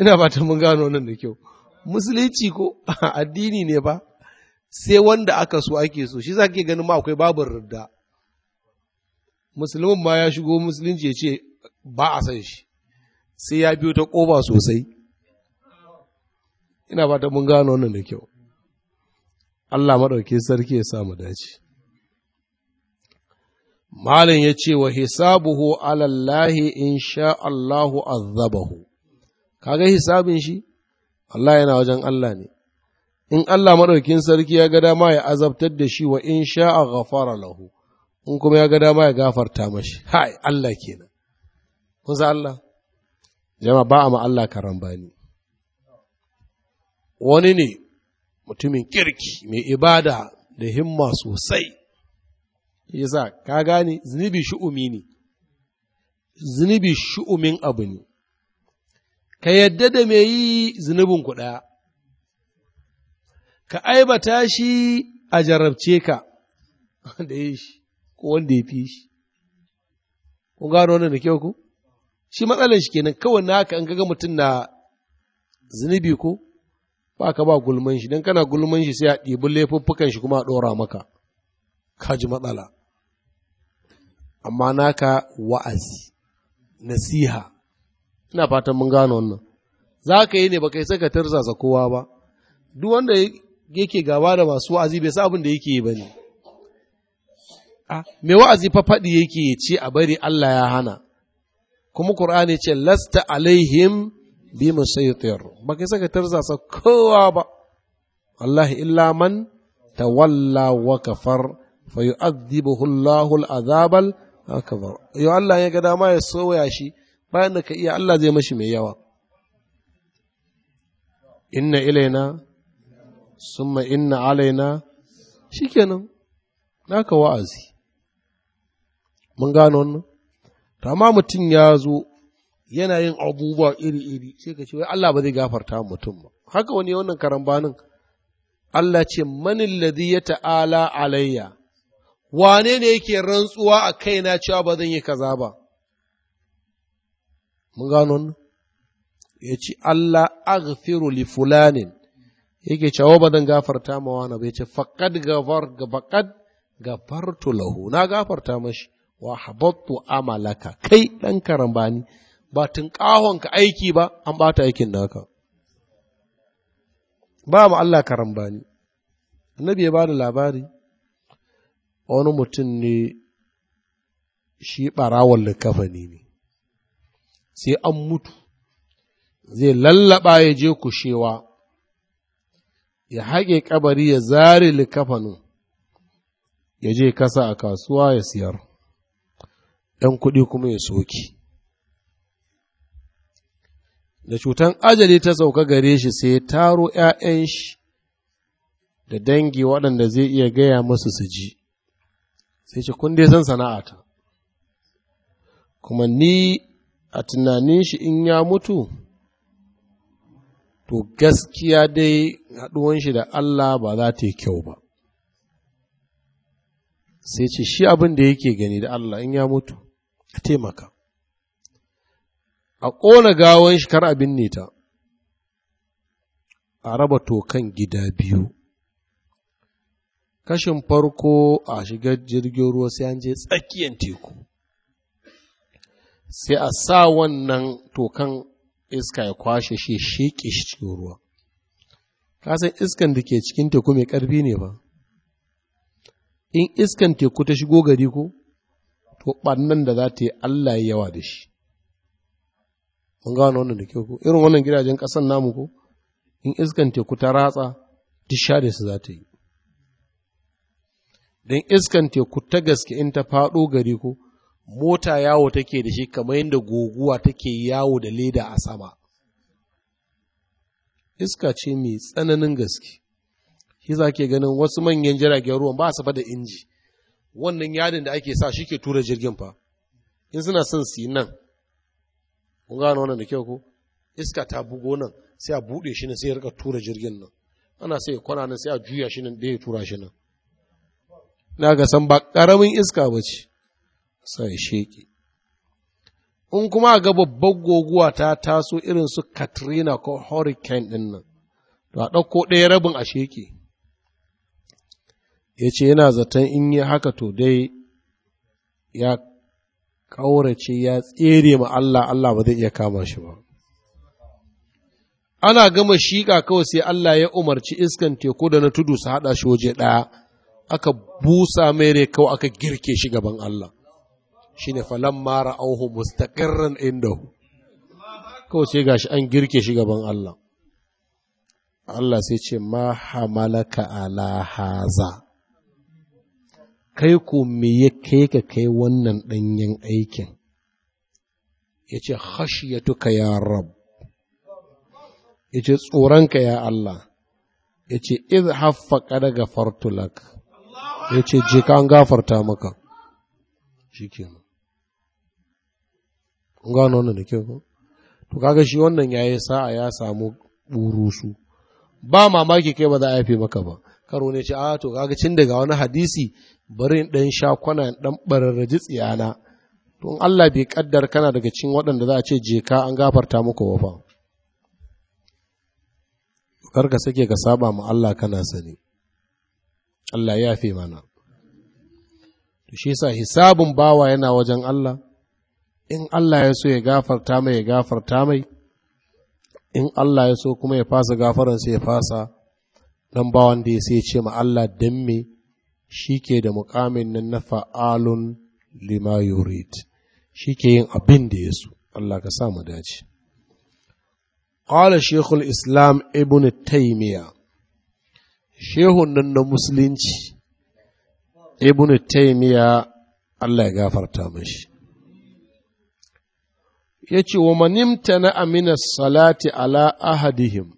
S1: ina ba ta mun gano wannan da kyau musulunci ko addini ne ba sai wanda aka so ake so shi za ke ganin ma akwai babin rudda musulmin ma ya shigo musulunci ya ce ba a san shi sai ya biyo ta ƙoba sosai ina ba mun gano wannan da kyau Allah maɗauki sarki ya samu dace Malin ya ce wa hisabuhu alallahi in sha Allahu azabahu kaga hisabin shi Allah yana wajen Allah ne in Allah maɗaukin sarki ya ga dama ya azabtar da shi wa in sha'a ghafara lahu in kuma ya ga dama ya gafarta mashi hai Allah kenan kun Allah jama ba a ma Allah karan bani wani ne mutumin kirki mai ibada da himma sosai yasa ka gane zunubi shu'umi ne zunubi shu'umin abu ne ka yadda da mai yi zunubin ku ka aibata shi a jarabce ka da yi shi ko wanda ya fi shi kun gano wannan da kyau ku shi matsalar shi kenan kawai na haka an ga mutum na zunubi ko ba ka ba gulman shi don kana gulman shi sai a ɗibi laifuffukan shi kuma a ɗora maka ka ji matsala amma naka wa'azi nasiha ina fatan mun gano wannan za ka yi ne ba kai saka tarzasa kowa ba duk wanda yake gaba da masu wa'azi bai sa abin da yake yi ba ne Ah, me wa'azi fa faɗi yake ya ce a bari Allah ya hana kuma Qur'ani ce lasta alaihim bi musaytir ba kai saka tarzasa kowa ba wallahi illa man tawalla wa kafar fa yu'adhibuhu Allahu al'azabal akbar yo Allah ya ga dama ya soya shi bayan da ka iya Allah zai mashi mai yawa inna ilaina summa inna alaina shikenan naka wa'azi Mun gano wannan? ta amma mutum ya zo yana yin abubuwa iri-iri sai ka ce, wai Allah ba zai gafarta mutum ba. Haka wani wannan karambanin, Allah ce, manin ladhi ya ta'ala alayya, wane ne yake rantsuwa a kaina cewa ba zan yi kaza ba? Mun gano wannan? Ya ce, Allah aghfiru li fulanin, yake cewa ba zan gafarta ma wani ba, ya ce, faƙad gafar, faƙad gafartu lahu, na gafarta mashi. wa habattu amalaka kai ɗan karambani ba ka aiki ba an bata aikin naka ba mu Allah karambani annabi ya bada labari wani mutum ne shi ɓarawar likafani ne sai an mutu zai lallaba ya je kushewa ya haƙe kabari ya zare likafanin ya je kasa a kasuwa ya siyar yan kuɗi kuma ya soke. da cutan ajali ta sauka gare shi sai ya taro ‘ya'yan shi da dangi waɗanda zai iya gaya masu su ji sai ce kun dai san sana'ata kuma ni a tunanin shi in ya mutu to gaskiya dai haɗuwan shi da Allah ba za ta yi kyau ba sai ce shi abin da yake gani da Allah in ya mutu a taimaka a ƙona gawon shi kar a binne ta a raba tokan gida biyu kashin farko a shiga jirgin ruwa sai an je tsakiyar teku sai a sa wannan tokan iska ya kwashe shi sheƙe shi cikin ruwa kasan iskan da ke cikin teku mai ƙarfi ne ba in iskan teku ta shigo gari ko to ɓannan da za ta yi Allah ya yawa da shi. Mun gano wannan da kyau ko irin wannan gidajen ƙasan namu ko in iskan teku ta ratsa duk da su za ta yi. Don iskan teku ta gaske in ta faɗo gari ko mota yawo take da shi kamar yadda guguwa take yawo da leda a sama. Iska ce mai tsananin gaske. Shi za ke ganin wasu manyan jiragen ruwan ba su da inji. wannan yadin da ake sa shi ke tura jirgin fa in suna son su yi nan kun gano wannan da kyau ko iska ta bugo nan sai a buɗe shi nan sai ya rika tura jirgin nan ana sai kwana nan sai a juya shi nan da ya tura shi nan na ga san ba ƙaramin iska ba ce sai sheke in kuma ga babbar goguwa ta taso irin su katrina ko hurricane ɗin nan to a ɗauko ɗaya rabin a sheke ya ce yana zaton in yi haka to dai ya ƙaurace ya tsere ma Allah Allah ba zai iya kama shi ba ana gama shiƙa kawai sai Allah ya umarci iskan teku da na tudu su haɗa shi waje ɗaya aka busa mai rai kawai aka girke shi gaban Allah shi ne falon mara auhu mustaƙirran hu. kawai sai gashi an girke shi gaban Allah Allah sai ce ma hamalaka ala haza kai ko me ya kai ka kai wannan ɗanyen aikin ya ce khashiyatuka ya rab ya ce tsoronka ya Allah ya ce iz haffa kada fartulak, ya ce je ka an gafarta maka shi ke kun gano wannan da kyau to kaga shi wannan ya yi sa'a ya samu burusu ba mamaki kai ba za a yafe maka ba karo ne ce a ah, to kaga cin daga wani hadisi bari in ɗan sha kwana in ɗan bararraji tsiyana to in Allah bai kaddar kana daga cikin waɗanda za a ce je an gafarta muku ba fa kar ka sake ka saba ma Allah kana sani Allah ya fi mana to shi yasa hisabun bawa yana wajen Allah in Allah ya so ya gafarta mai ya gafarta mai in Allah ya so kuma ya fasa gafaran ya fasa dan bawan da ya sai ce ma Allah dan me shi ke da mukamin nan na fa'alun lima yurid shi ke yin abin da ya su, Allah ka sa dace ƙwala shekul islam ibn taimiya shehun nan na musulunci ibn taimiya Allah ya gafarta mashi ya ce wa manimta na Amina salati ala ahadihim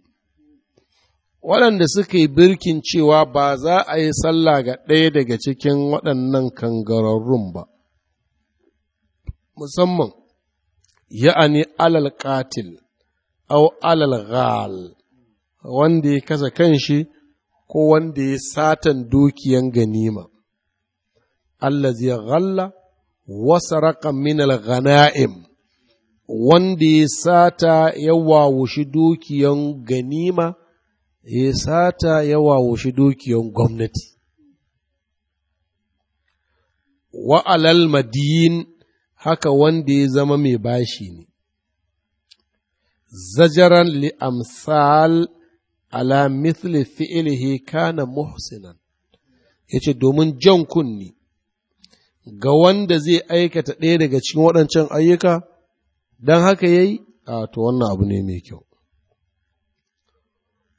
S1: waɗanda suka yi birkin cewa ba za a yi sallah ga ɗaya daga cikin waɗannan kangararrun ba, musamman ya ya'ani alal ƙatil, au alal ghal, wanda ya kasa kanshi ko wanda ya satan dukiyan ganima, Allah zai ghalla wasa raƙa minal ghana'im, wanda ya sata ya wawushi dukiyan ganima. ya sata ya shi dukiyar gwamnati wa'alal madiyin haka wanda ya zama mai bashi ne zajaran li amsal ala mithli fi'ilihi kana muhsinan yace domin jan kunni ga wanda zai aikata ɗaya daga cikin waɗancan ayyuka don haka yayi a to wannan abu ne mai kyau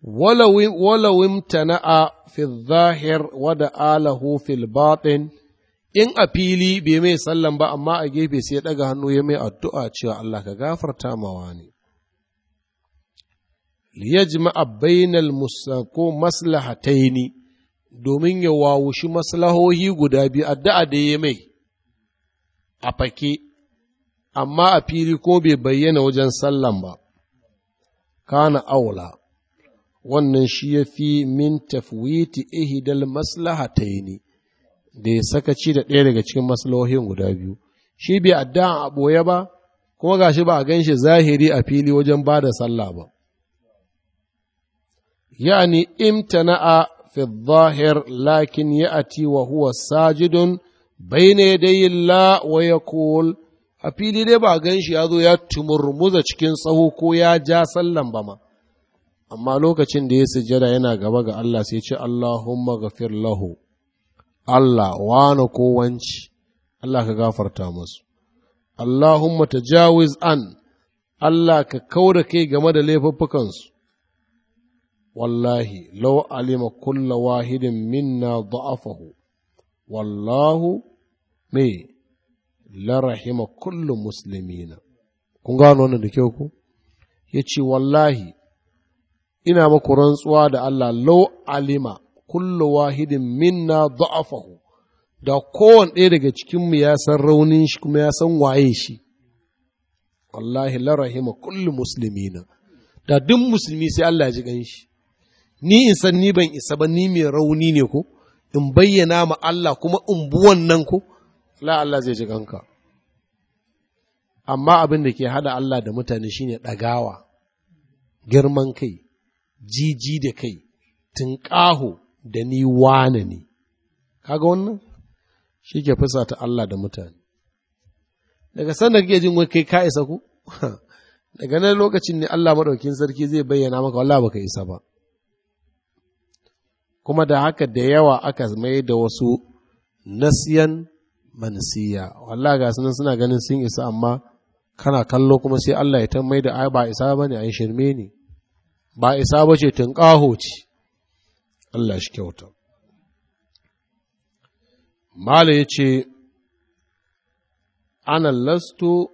S1: walawim tana'a fi zahir wada alahu fil batin in a fili bai mai sallan ba amma a gefe sai ya ɗaga hannu ya mai addu'a cewa Allah ka gafarta mawa ne. liyajma'a bainal musako maslahataini domin ya wawushi maslahohi guda biyu addu'a da ya mai a fake amma a fili ko bai bayyana wajen sallan ba kana aula wannan shi ya fi min tafwiti ihidal maslahataini da ya saka ci da ɗaya daga cikin maslahohin guda biyu shi bai addu'a a ɓoye ba kuma ga shi ba a gan shi zahiri a fili wajen ba da sallah ba yani a fi zahir lakin ya'ati wa huwa sajidun bayna yadayi la wa yaqul a fili dai ba a gan shi ya zo ya tumurmuza cikin tsaho ko ya ja sallan ba ma amma lokacin da ya sujjada yana gaba ga Allah sai ce Allahumma ghafir lahu Allah wani na kowanci, Allah ka gafarta masu Allahumma tajawiz an Allah ka kaura kai game da laifuffukansu wallahi law alima kulla wahidin minna da'afahu wallahu me la rahima kullu muslimina kun gano wannan da kyau ku yace wallahi ina maku rantsuwa da Allah lau alima kullu wahidin minna da'afahu da kowane ɗaya daga cikinmu ya san raunin shi kuma ya san waye shi wallahi la rahima kullu muslimina da duk musulmi sai Allah ya ji ganshi ni in san ni ban isa ba ni mai rauni ne ko in bayyana ma Allah kuma in bu wannan ko la Allah zai ji ganka amma abin da ke hada Allah da mutane shine ɗagawa girman kai jiji da kai tunƙaho da ni wane ne kaga wannan shi ke fisa ta Allah da mutane daga sanda kake jin kai ka isa ku daga nan lokacin ne Allah maɗaukin sarki zai bayyana maka ba baka isa ba kuma da haka da yawa aka mai da wasu nasiyan mansiya wallahi ga sunan suna ganin sun isa amma kana kallo kuma sai Allah ya ta mai da ai ba isa a ai shirme ne ba isa ba ce tun ce, Allah shi kyauta. Mala ya ce, Ana lasto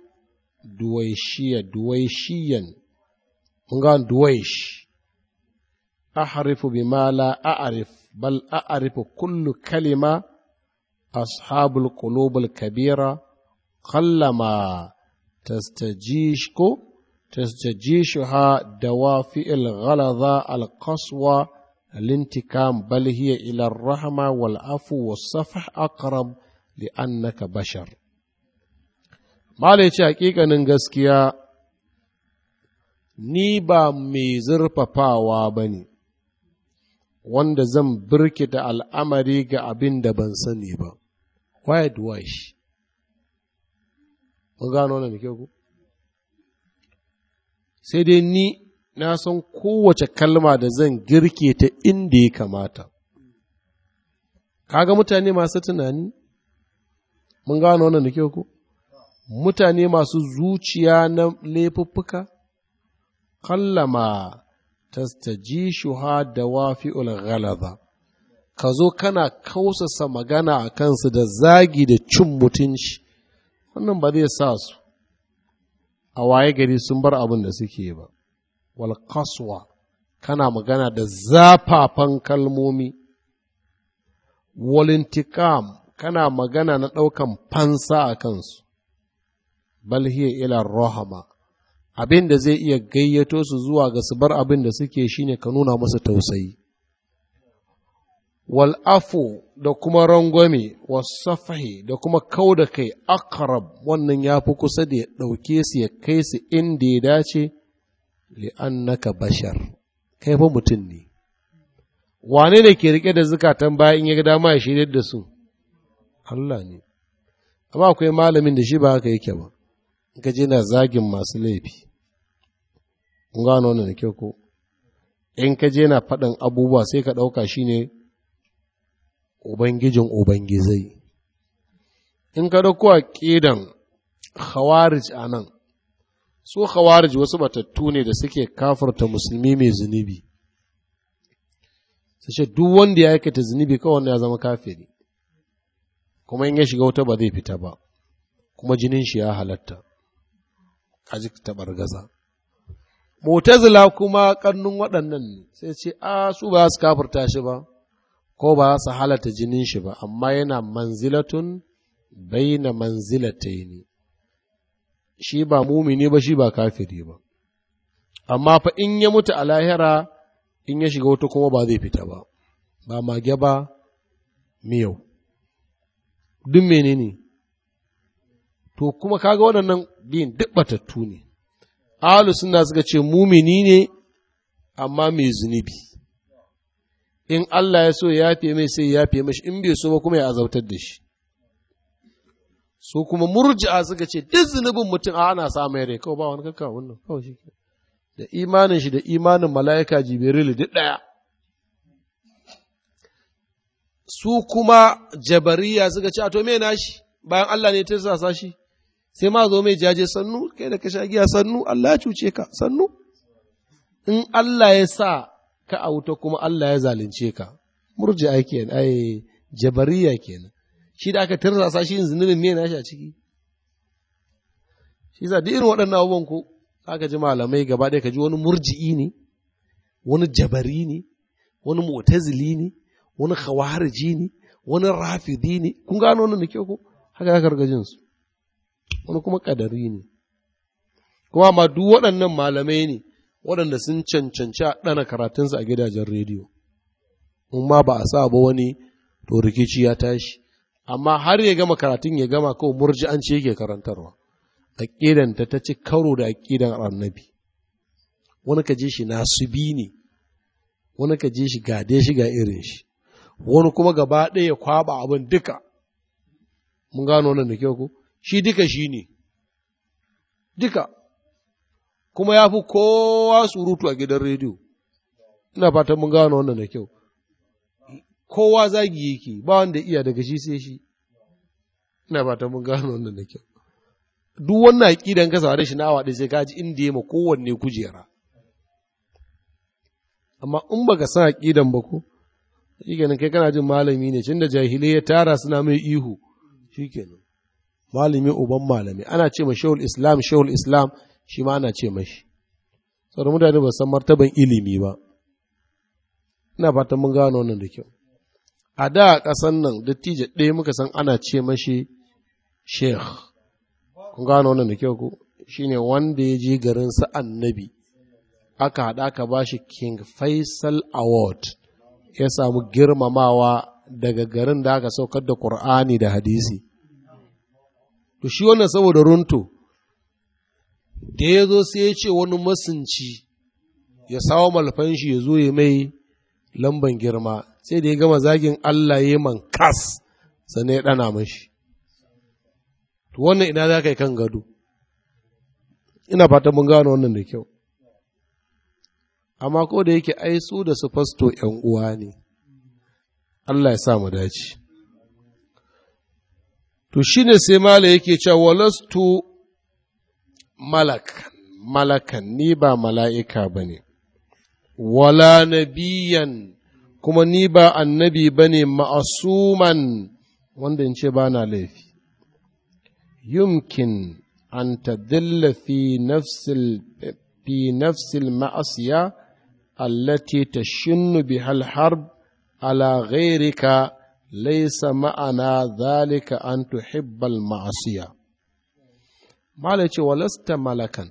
S1: duwaishiya duwai shi. A aharifu bi mala a'arif bal a'arifu kullu kalima ashabul kulubul kabira, kallama ta stajishko. tastajishuha dawafi'il ghaladha al-qaswa الانتقام بل هي إلى الرحمة والعفو والصفح أقرب لأنك bashar. ما ليش حقيقة ننجسكيا ni ba mai zurfafawa ba ne, wanda zan birkita al'amari ga abinda ban sani ba, sai dai ni na san kowace kalma da zan girke ta inda ya kamata kaga mutane masu tunani mun gano wannan da kyau ko mutane masu zuciya na laifuffuka kallama tastajishuha da wafi'ul ghalaba ka zo kana kausasa magana a kansu da zagi da cin mutunci wannan ba zai sa su a waye gari sun bar abin da suke ba wal qaswa kana magana da zafafan kalmomi walintikam kana magana na ɗaukan fansa a kansu bal hiya ila rahama abin da zai iya gayyato su zuwa ga su bar abin da suke shine ka nuna musu tausayi wal'afu da kuma rangwame wasafahi da kuma kau da kai akarab wannan ya fi kusa da ya ɗauke su ya kai su inda ya dace li'annaka bashar kai fa mutum ne wane da ke rike da zukatan bayan ya ga dama ya shirya da su Allah ne amma akwai malamin da shi ba haka yake ba ga je na zagin masu laifi gano wannan da kyau ko in ka je na faɗin abubuwa sai ka ɗauka shine ne ubangijin ubangizai in ka dauko ƙidan khawarij nan su khawarij wasu batattu ne da suke kafarta musulmi mai zunubi sai duk wanda ya aikata zunubi kawai ya zama kafiri kuma in ya shiga wuta ba zai fita ba kuma jinin shi ya halatta kaji tabar gaza mutazila kuma kannun waɗannan ne sai ce a ah, su ba su kafirta shi ba ko ba za su halata jinin shi ba amma yana manzilatun baina ne shi ba mumini ba shi ba kafiri ba amma fa in ya mutu a lahira in ya shiga wata kuma ba zai fita ba ba mage ba miyau duk menene to kuma kaga waɗannan biyan duk batattu ne alu suna suka ce mumini ne amma mai zunubi in Allah ya so ya fi mai sai ya fi mashi in bai so ba kuma ya azautar da shi su kuma murji'a suka ce duk zunubin mutum a ana sa mai rai kawai ba wani kakka wannan kawai shi da imanin shi da imanin mala'ika jibril duk ɗaya su kuma jabariya suka ce a to me nashi bayan Allah ne ta sa shi sai ma zo mai jaje sannu kai da ka sha giya sannu Allah ya cuce ka sannu in Allah ya sa ka a wuta kuma Allah ya zalunce ka murji ake ai jabariya kenan shi da aka sa shi zunubin me nashi a ciki shi za duk irin waɗannan abubuwan ko aka ji malamai gaba ɗaya ka ji wani murji'i ne wani jabari ne wani mu'tazili ne wani khawariji ne wani rafidi ne kun gano wannan da kyau ko haka ya karga su wani kuma kadari ne kuma ma duk waɗannan malamai ne waɗanda sun cancanci a ɗana karatunsu a gidajen rediyo in ma ba a sa ba wani to rikici ya tashi amma har ya gama karatun ya gama an murji'anci yake karantarwa aƙidan ta ta ci karo da aƙidan annabi wani ka je shi nasibi ne wani ka je shi gade shi ga irin shi wani kuma gaba ɗaya ya kwaba abin duka mun gano wannan da kyau ko shi duka shi ne duka kuma ya fi kowa surutu a gidan rediyo ina fatan mun gano wannan da kyau kowa zagi yake ba wanda iya daga shi sai shi ina fatan mun gano wannan da kyau duk wannan aƙidan ka saurare shi na awa sai ka ji inda ya ma kowanne kujera amma in baka san aƙidan ba ko shikenan kai kana jin malami ne cin da jahilai ya tara suna mai ihu shikenan malami uban malami ana ce ma shawul islam shawul islam shi ma ana ce mashi sauran mutane ba san martaban ilimi ba ina fatan mun gano wannan da kyau a da ƙasan nan dattijo ɗaya muka san ana ce mashi sheikh kun gano wannan da kyau Shi shine wanda ya je garin sa annabi aka haɗa aka ba shi king faisal award ya samu girmamawa daga garin da aka saukar da ƙur'ani da hadisi to shi wannan saboda runtu. da ya zo sai ya ce wani masunci ya sawo malfan shi ya zo ya mai lamban girma sai da ya gama zagin Allah ya man kas sannan ya ɗana mashi to wannan ina za ka yi kan gado ina fata mun gano wannan da kyau amma ko da yake ai su da su fasto ‘yan uwa ne Allah ya sa mu dace to shine sai mala yake cewa walastu malakan malakan ni ba mala'ika ba ne wala nabiyan kuma ni ba annabi ba ne ma'asuman wanda in ce ba na laifi yumkin an tadilla fi nafsil fi nafsil ma'asiya allati tashinnu bihal harb ala ghairika laysa ma'ana dhalika an tuhibbal ma'asiya malai ce walasta malakan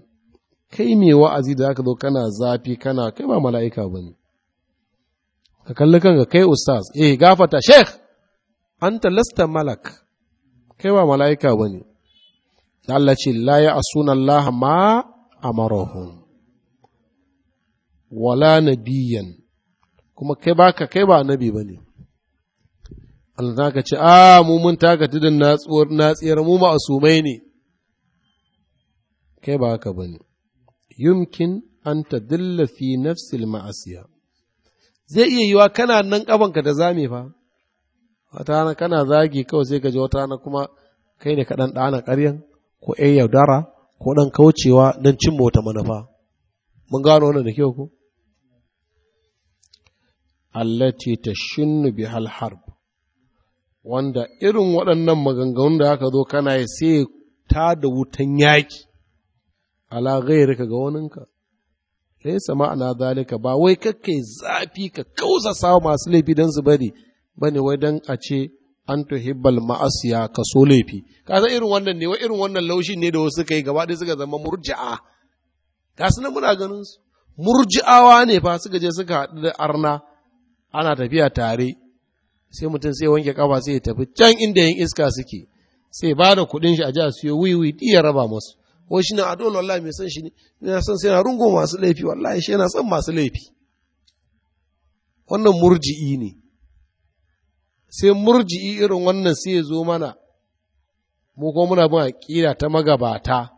S1: kai mai wa'azi da aka zo kana zafi kana kai ba mala'ika ba ne ka kalli kanka kai ustaz eh gafata sheikh ta lasta malak kai ba mala'ika ba ne Allah ce la ya asuna Allah ma amarahum wala nabiyan kuma kai baka kai ba nabi ba ne Allah ta ka ce a ah, mu mun tudun natsiyar mu ma'asumai ne kai ba haka bane yumkin an dillafi fi nafsil ma'asiya zai iya yiwa kana nan kafanka da zame fa wata rana kana zagi kawai sai ka je wata rana kuma kai ne kaɗan dan dana ƙaryan ko ɗan yaudara ko ɗan kaucewa don cin wata manufa mun gano wannan da kyau ko allati shinnu bi harb wanda irin waɗannan maganganun da aka zo kana yi sai ta da wutan yaki. ala ghairika ga waninka laysa ma'ana zalika ba wai kakkai zafi ka kausa sawa masu laifi dan su bari bane wai dan a ce an hibbal ma'asiya ka so laifi ka san irin wannan ne wai irin wannan laushin ne da wasu kai gaba ɗaya suka zama murji'a ga sunan muna ganin su murji'awa ne fa suka je suka haɗu da arna ana tafiya tare sai mutum sai wanke kafa sai ya tafi can inda yin iska suke sai ba da kuɗin shi a ji a siyo wiwi ya raba musu. wai shi na adon wallahi mai son shi ne yana son sai na rungo masu laifi wallahi shi yana son masu laifi wannan murji'i ne sai murji'i irin wannan sai ya zo mana mu ko muna bin aƙida ta magabata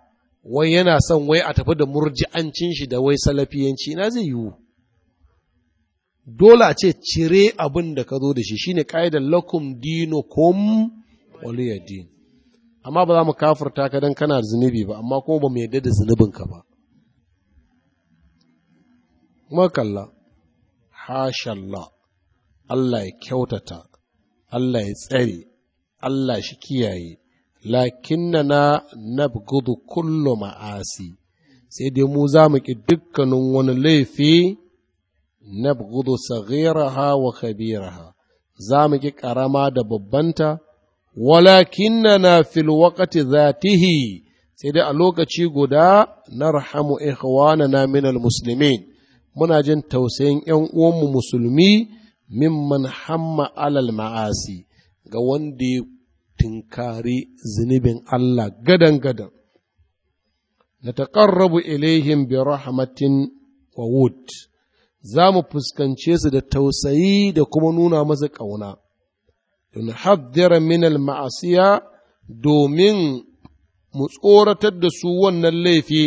S1: wai yana son wai a tafi da murji'ancin shi da wai salafiyanci na zai yiwu dole a ce cire abin da ka zo da shi shine ka'idar lakum dinukum waliyadin amma ba za mu kafirta ka don kana zunubi ba amma kuma ba mu yadda da zunubinka ba kuma kalla hashalla Allah ya kyautata Allah ya tsare Allah shi kiyaye lakinna na nabgudu kullu ma'asi sai dai mu za mu ki dukkanin wani laifi nabgudu saghiraha wa kabiraha za mu ƙi ƙarama da babbanta walakinna fil waqti zatihi sai a lokaci guda narhamu na minal muslimin muna jin tausayin ‘yan uwanmu musulmi man hamma alal ma'asi ga wanda ya tinkari zunubin Allah gadan-gadan. Na taƙarrabu ilaihim bi rahmatin wa wud, za mu fuskance su da tausayi da kuma nuna masa ƙauna, don haddira minal ma'asiya domin mu tsoratar da su wannan laifi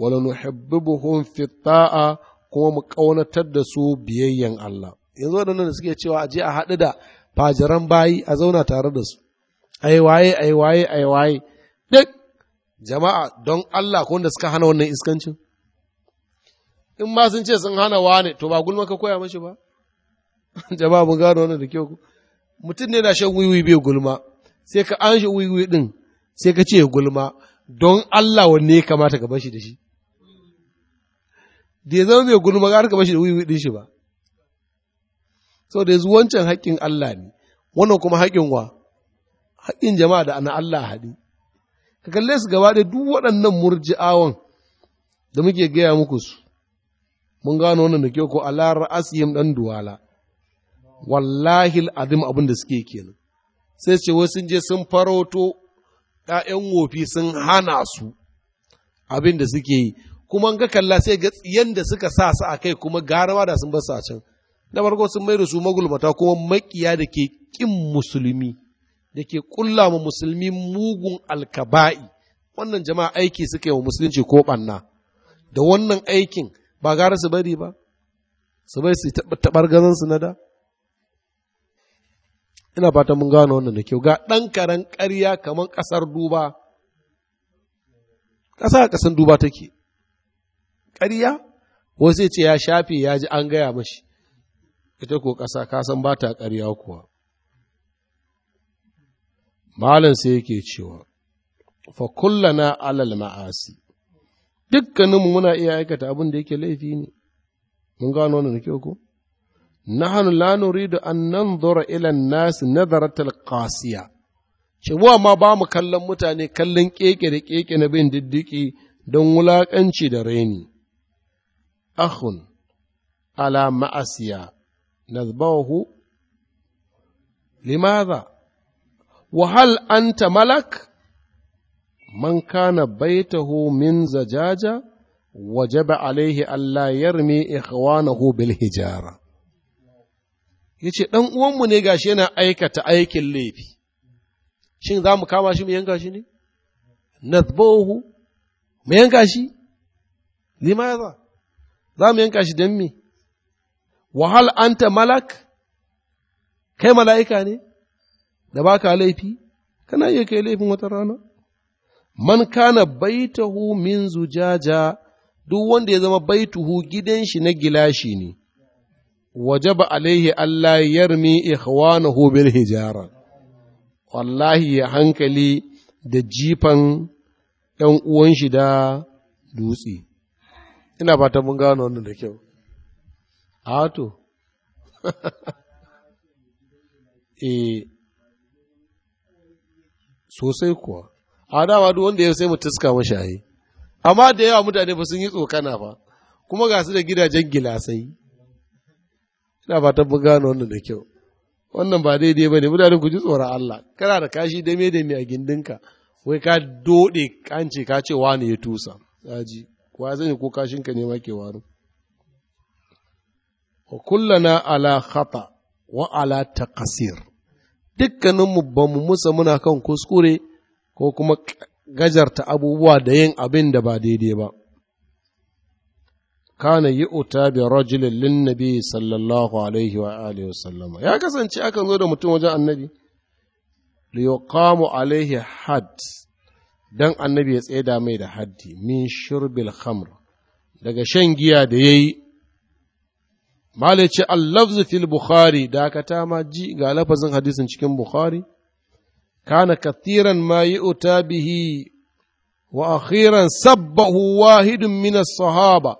S1: wala nuhibbuhum fi ta'a kuma mu kaunatar da su biyayyen Allah yanzu waɗannan da suke cewa aje a haɗu da fajiran bayi a zauna tare da su ai waye ai waye ai waye duk jama'a don Allah ko wanda suka hana wannan iskancin in ma sun ce sun hana wane to ba gulma ka koya mashi ba jama'a mun gano wannan da kyau mutum ne na shan wiwi bai gulma sai ka an shi wiwi din sai ka ce gulma don Allah wanne ya kamata ka bashi da shi da ya zama mai gulma ga ka bashi da wiwi din shi ba da yanzu wancan haƙƙin Allah ne wannan kuma haƙƙin wa haƙƙin jama'a da ana Allah haɗi ka kalle su gaba da duk waɗannan murji'awan da muke gaya muku su mun gano wannan da kyau ko ala Asiyim dan duwala wallahi azim abin da suke kenan sai ce wasu sun je sun faroto ‘ya'yan wofi sun hana su abin da suke yi kuma ga kalla sai ga tsiyan da suka sa su a kai kuma garawa da sun basu a can na farko sun mai da su magulmata kuma makiya da ke ƙin musulmi da ke ƙulla ma musulmi mugun alkaba'i wannan jama'a aiki suka yi wa musulunci ko ɓanna da wannan aikin ba gara su bari ba su bai su taɓar su na da ina fatan mun gano wannan da kyau ga ɗan karen ƙarya kamar ƙasar duba ƙasa a ƙasan duba take ƙarya wasu ce ya shafe ya ji an gaya mashi ita ko ƙasa kasan ba ta ƙarya kuwa malam sai yake cewa fa kullana alal ma'asi dukkaninmu muna iya aikata abin da yake laifi ne mun gano wannan da kyau ko nahnu la nuridu an nanzura ila an-nas nazaratal qasiya ce ma ba mu kallon mutane kallon keke da na bin diddiki don wulakanci da raini akhun ala ma'asiya nazbahu limadha wa hal anta malak man kana baitahu min zajaja wajaba alaihi allah yarmi ikhwanahu bil hijara ya ce ɗan uwanmu ne gashi yana aikata aikin laifi shin za mu kama shi mu yanka shi ne nazbohu mu yanka shi ma ya za mu yanka shi don me wahal anta malak kai mala'ika ne da baka laifi kana iya kai laifin wata rana man kana baitahu min zujaja duk wanda ya zama baituhu gidan shi na gilashi ne wajaba alaihi Allah yarmi ikhwanahu bil hijara wallahi ya hankali da jifan ɗan uwan da dutse ina fata mun gano wannan da kyau a to eh sosai kuwa a dama duk wanda ya mu tuska mashi ayi amma da yawa mutane ba sun yi tsokana ba kuma gasu da gidajen gilasai ina fatan mun gano wannan da kyau wannan ba daidai ba ne mutane ku ji tsoron Allah kana da kashi da me da me a gindinka wai ka dode an ce ka ce wani ya tusa daji wa zai ko kashin ka ne ma ke waro wa kullana ala khata wa ala taqsir dukkaninmu ba mu musa muna kan kuskure ko kuma gajarta abubuwa da yin abin da ba daidai ba kana yi uta bi rajulin lin nabi sallallahu alaihi wa alihi wa sallama ya kasance akan zo da mutum wajen annabi li yuqamu alaihi had dan annabi ya tsaya mai da haddi min shurbil khamr daga shan giya da yayi malai ce allafzu fil bukhari dakata ma ji ga lafazin hadisin cikin bukhari kana katiran ma yu'ta bihi wa akhiran sabbahu wahidun min as-sahaba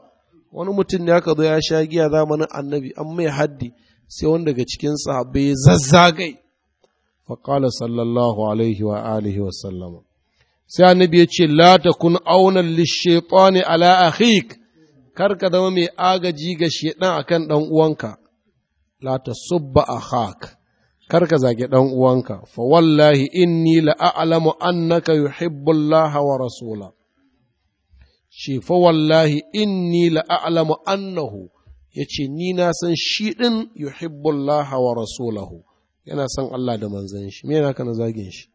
S1: wani mutum ne aka zo ya sha giya zamanin annabi an mai haddi sai wani daga cikin sahabbai ya zazzagai faƙala sallallahu alaihi wa alihi wa sallama sai annabi ya ce la kun auna lishaitani ala akhik kar ka zama mai agaji ga shedan akan dan uwanka la tasubba haƙ. kar ka zage dan uwanka fa wallahi inni la a'lamu annaka yuhibbu Allah wa rasula ce fa wallahi inni la'alamu annahu ya ce ni na san shi ɗin yuhibbullaha wa rasulahu yana san Allah da manzan shi me yana kana zagin shi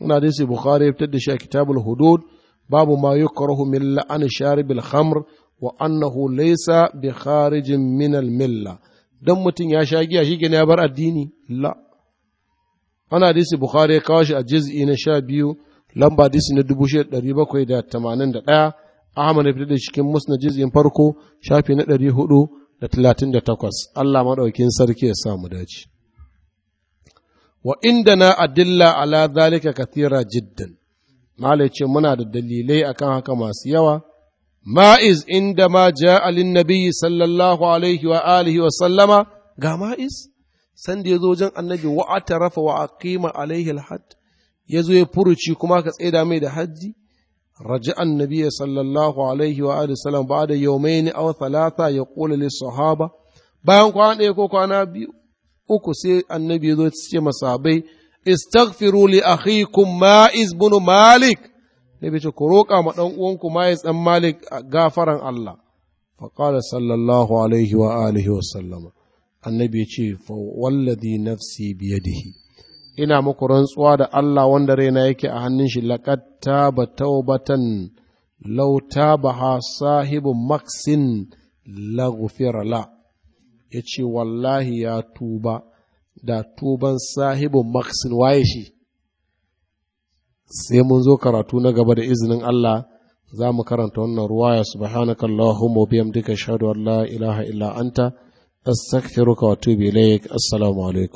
S1: Muna da sai Bukhari fitar da shi a kitabul hudud babu ma yukrahu min la'an sharibil khamr wa annahu laysa bi kharijin min al milla dan mutum ya sha giya shi ya bar addini la ana da sai Bukhari ya kawo shi a juz'i na 12 lamba disi na 1781 da ya bakwai da cikin musna jizgin farko shafi na takwas Allah maɗaukin sarki ya samu dace wa inda na adilla ala zalika kathira jiddan malai ce muna da dalilai akan haka masu yawa ma'iz inda ma ja'a linnabi sallallahu alaihi wa alihi wa sallama ga ma'iz sanda ya zo wajen annabi wa atarafa wa aqima alaihi alhad ya zo ya furuci kuma ka tsaida mai da hajji raja annabi sallallahu alaihi wa alihi sallam ba da yaumaini aw thalatha ya qulu lis sahaba bayan kwana ɗaya ko kwana biyu uku sai annabi ya zo ya ce masahabai istaghfiru li akhikum ma'iz bin malik nabi ce ku roƙa ma dan uwanku ma'iz dan malik gafaran Allah fa qala sallallahu alaihi wa alihi wa sallama annabi ya ce fa wallazi nafsi biyadihi ina muku rantsuwa da Allah wanda raina yake a hannun shi laqad taba taubatan law taba sahibu maksin la la ce wallahi ya tuba da tuban sahibu maksin waye shi sai mun zo karatu na gaba da izinin Allah za mu karanta wannan ruwaya subhanaka allahumma wa bihamdika ashhadu an la ilaha illa anta astaghfiruka wa atubu ilaik assalamu alaikum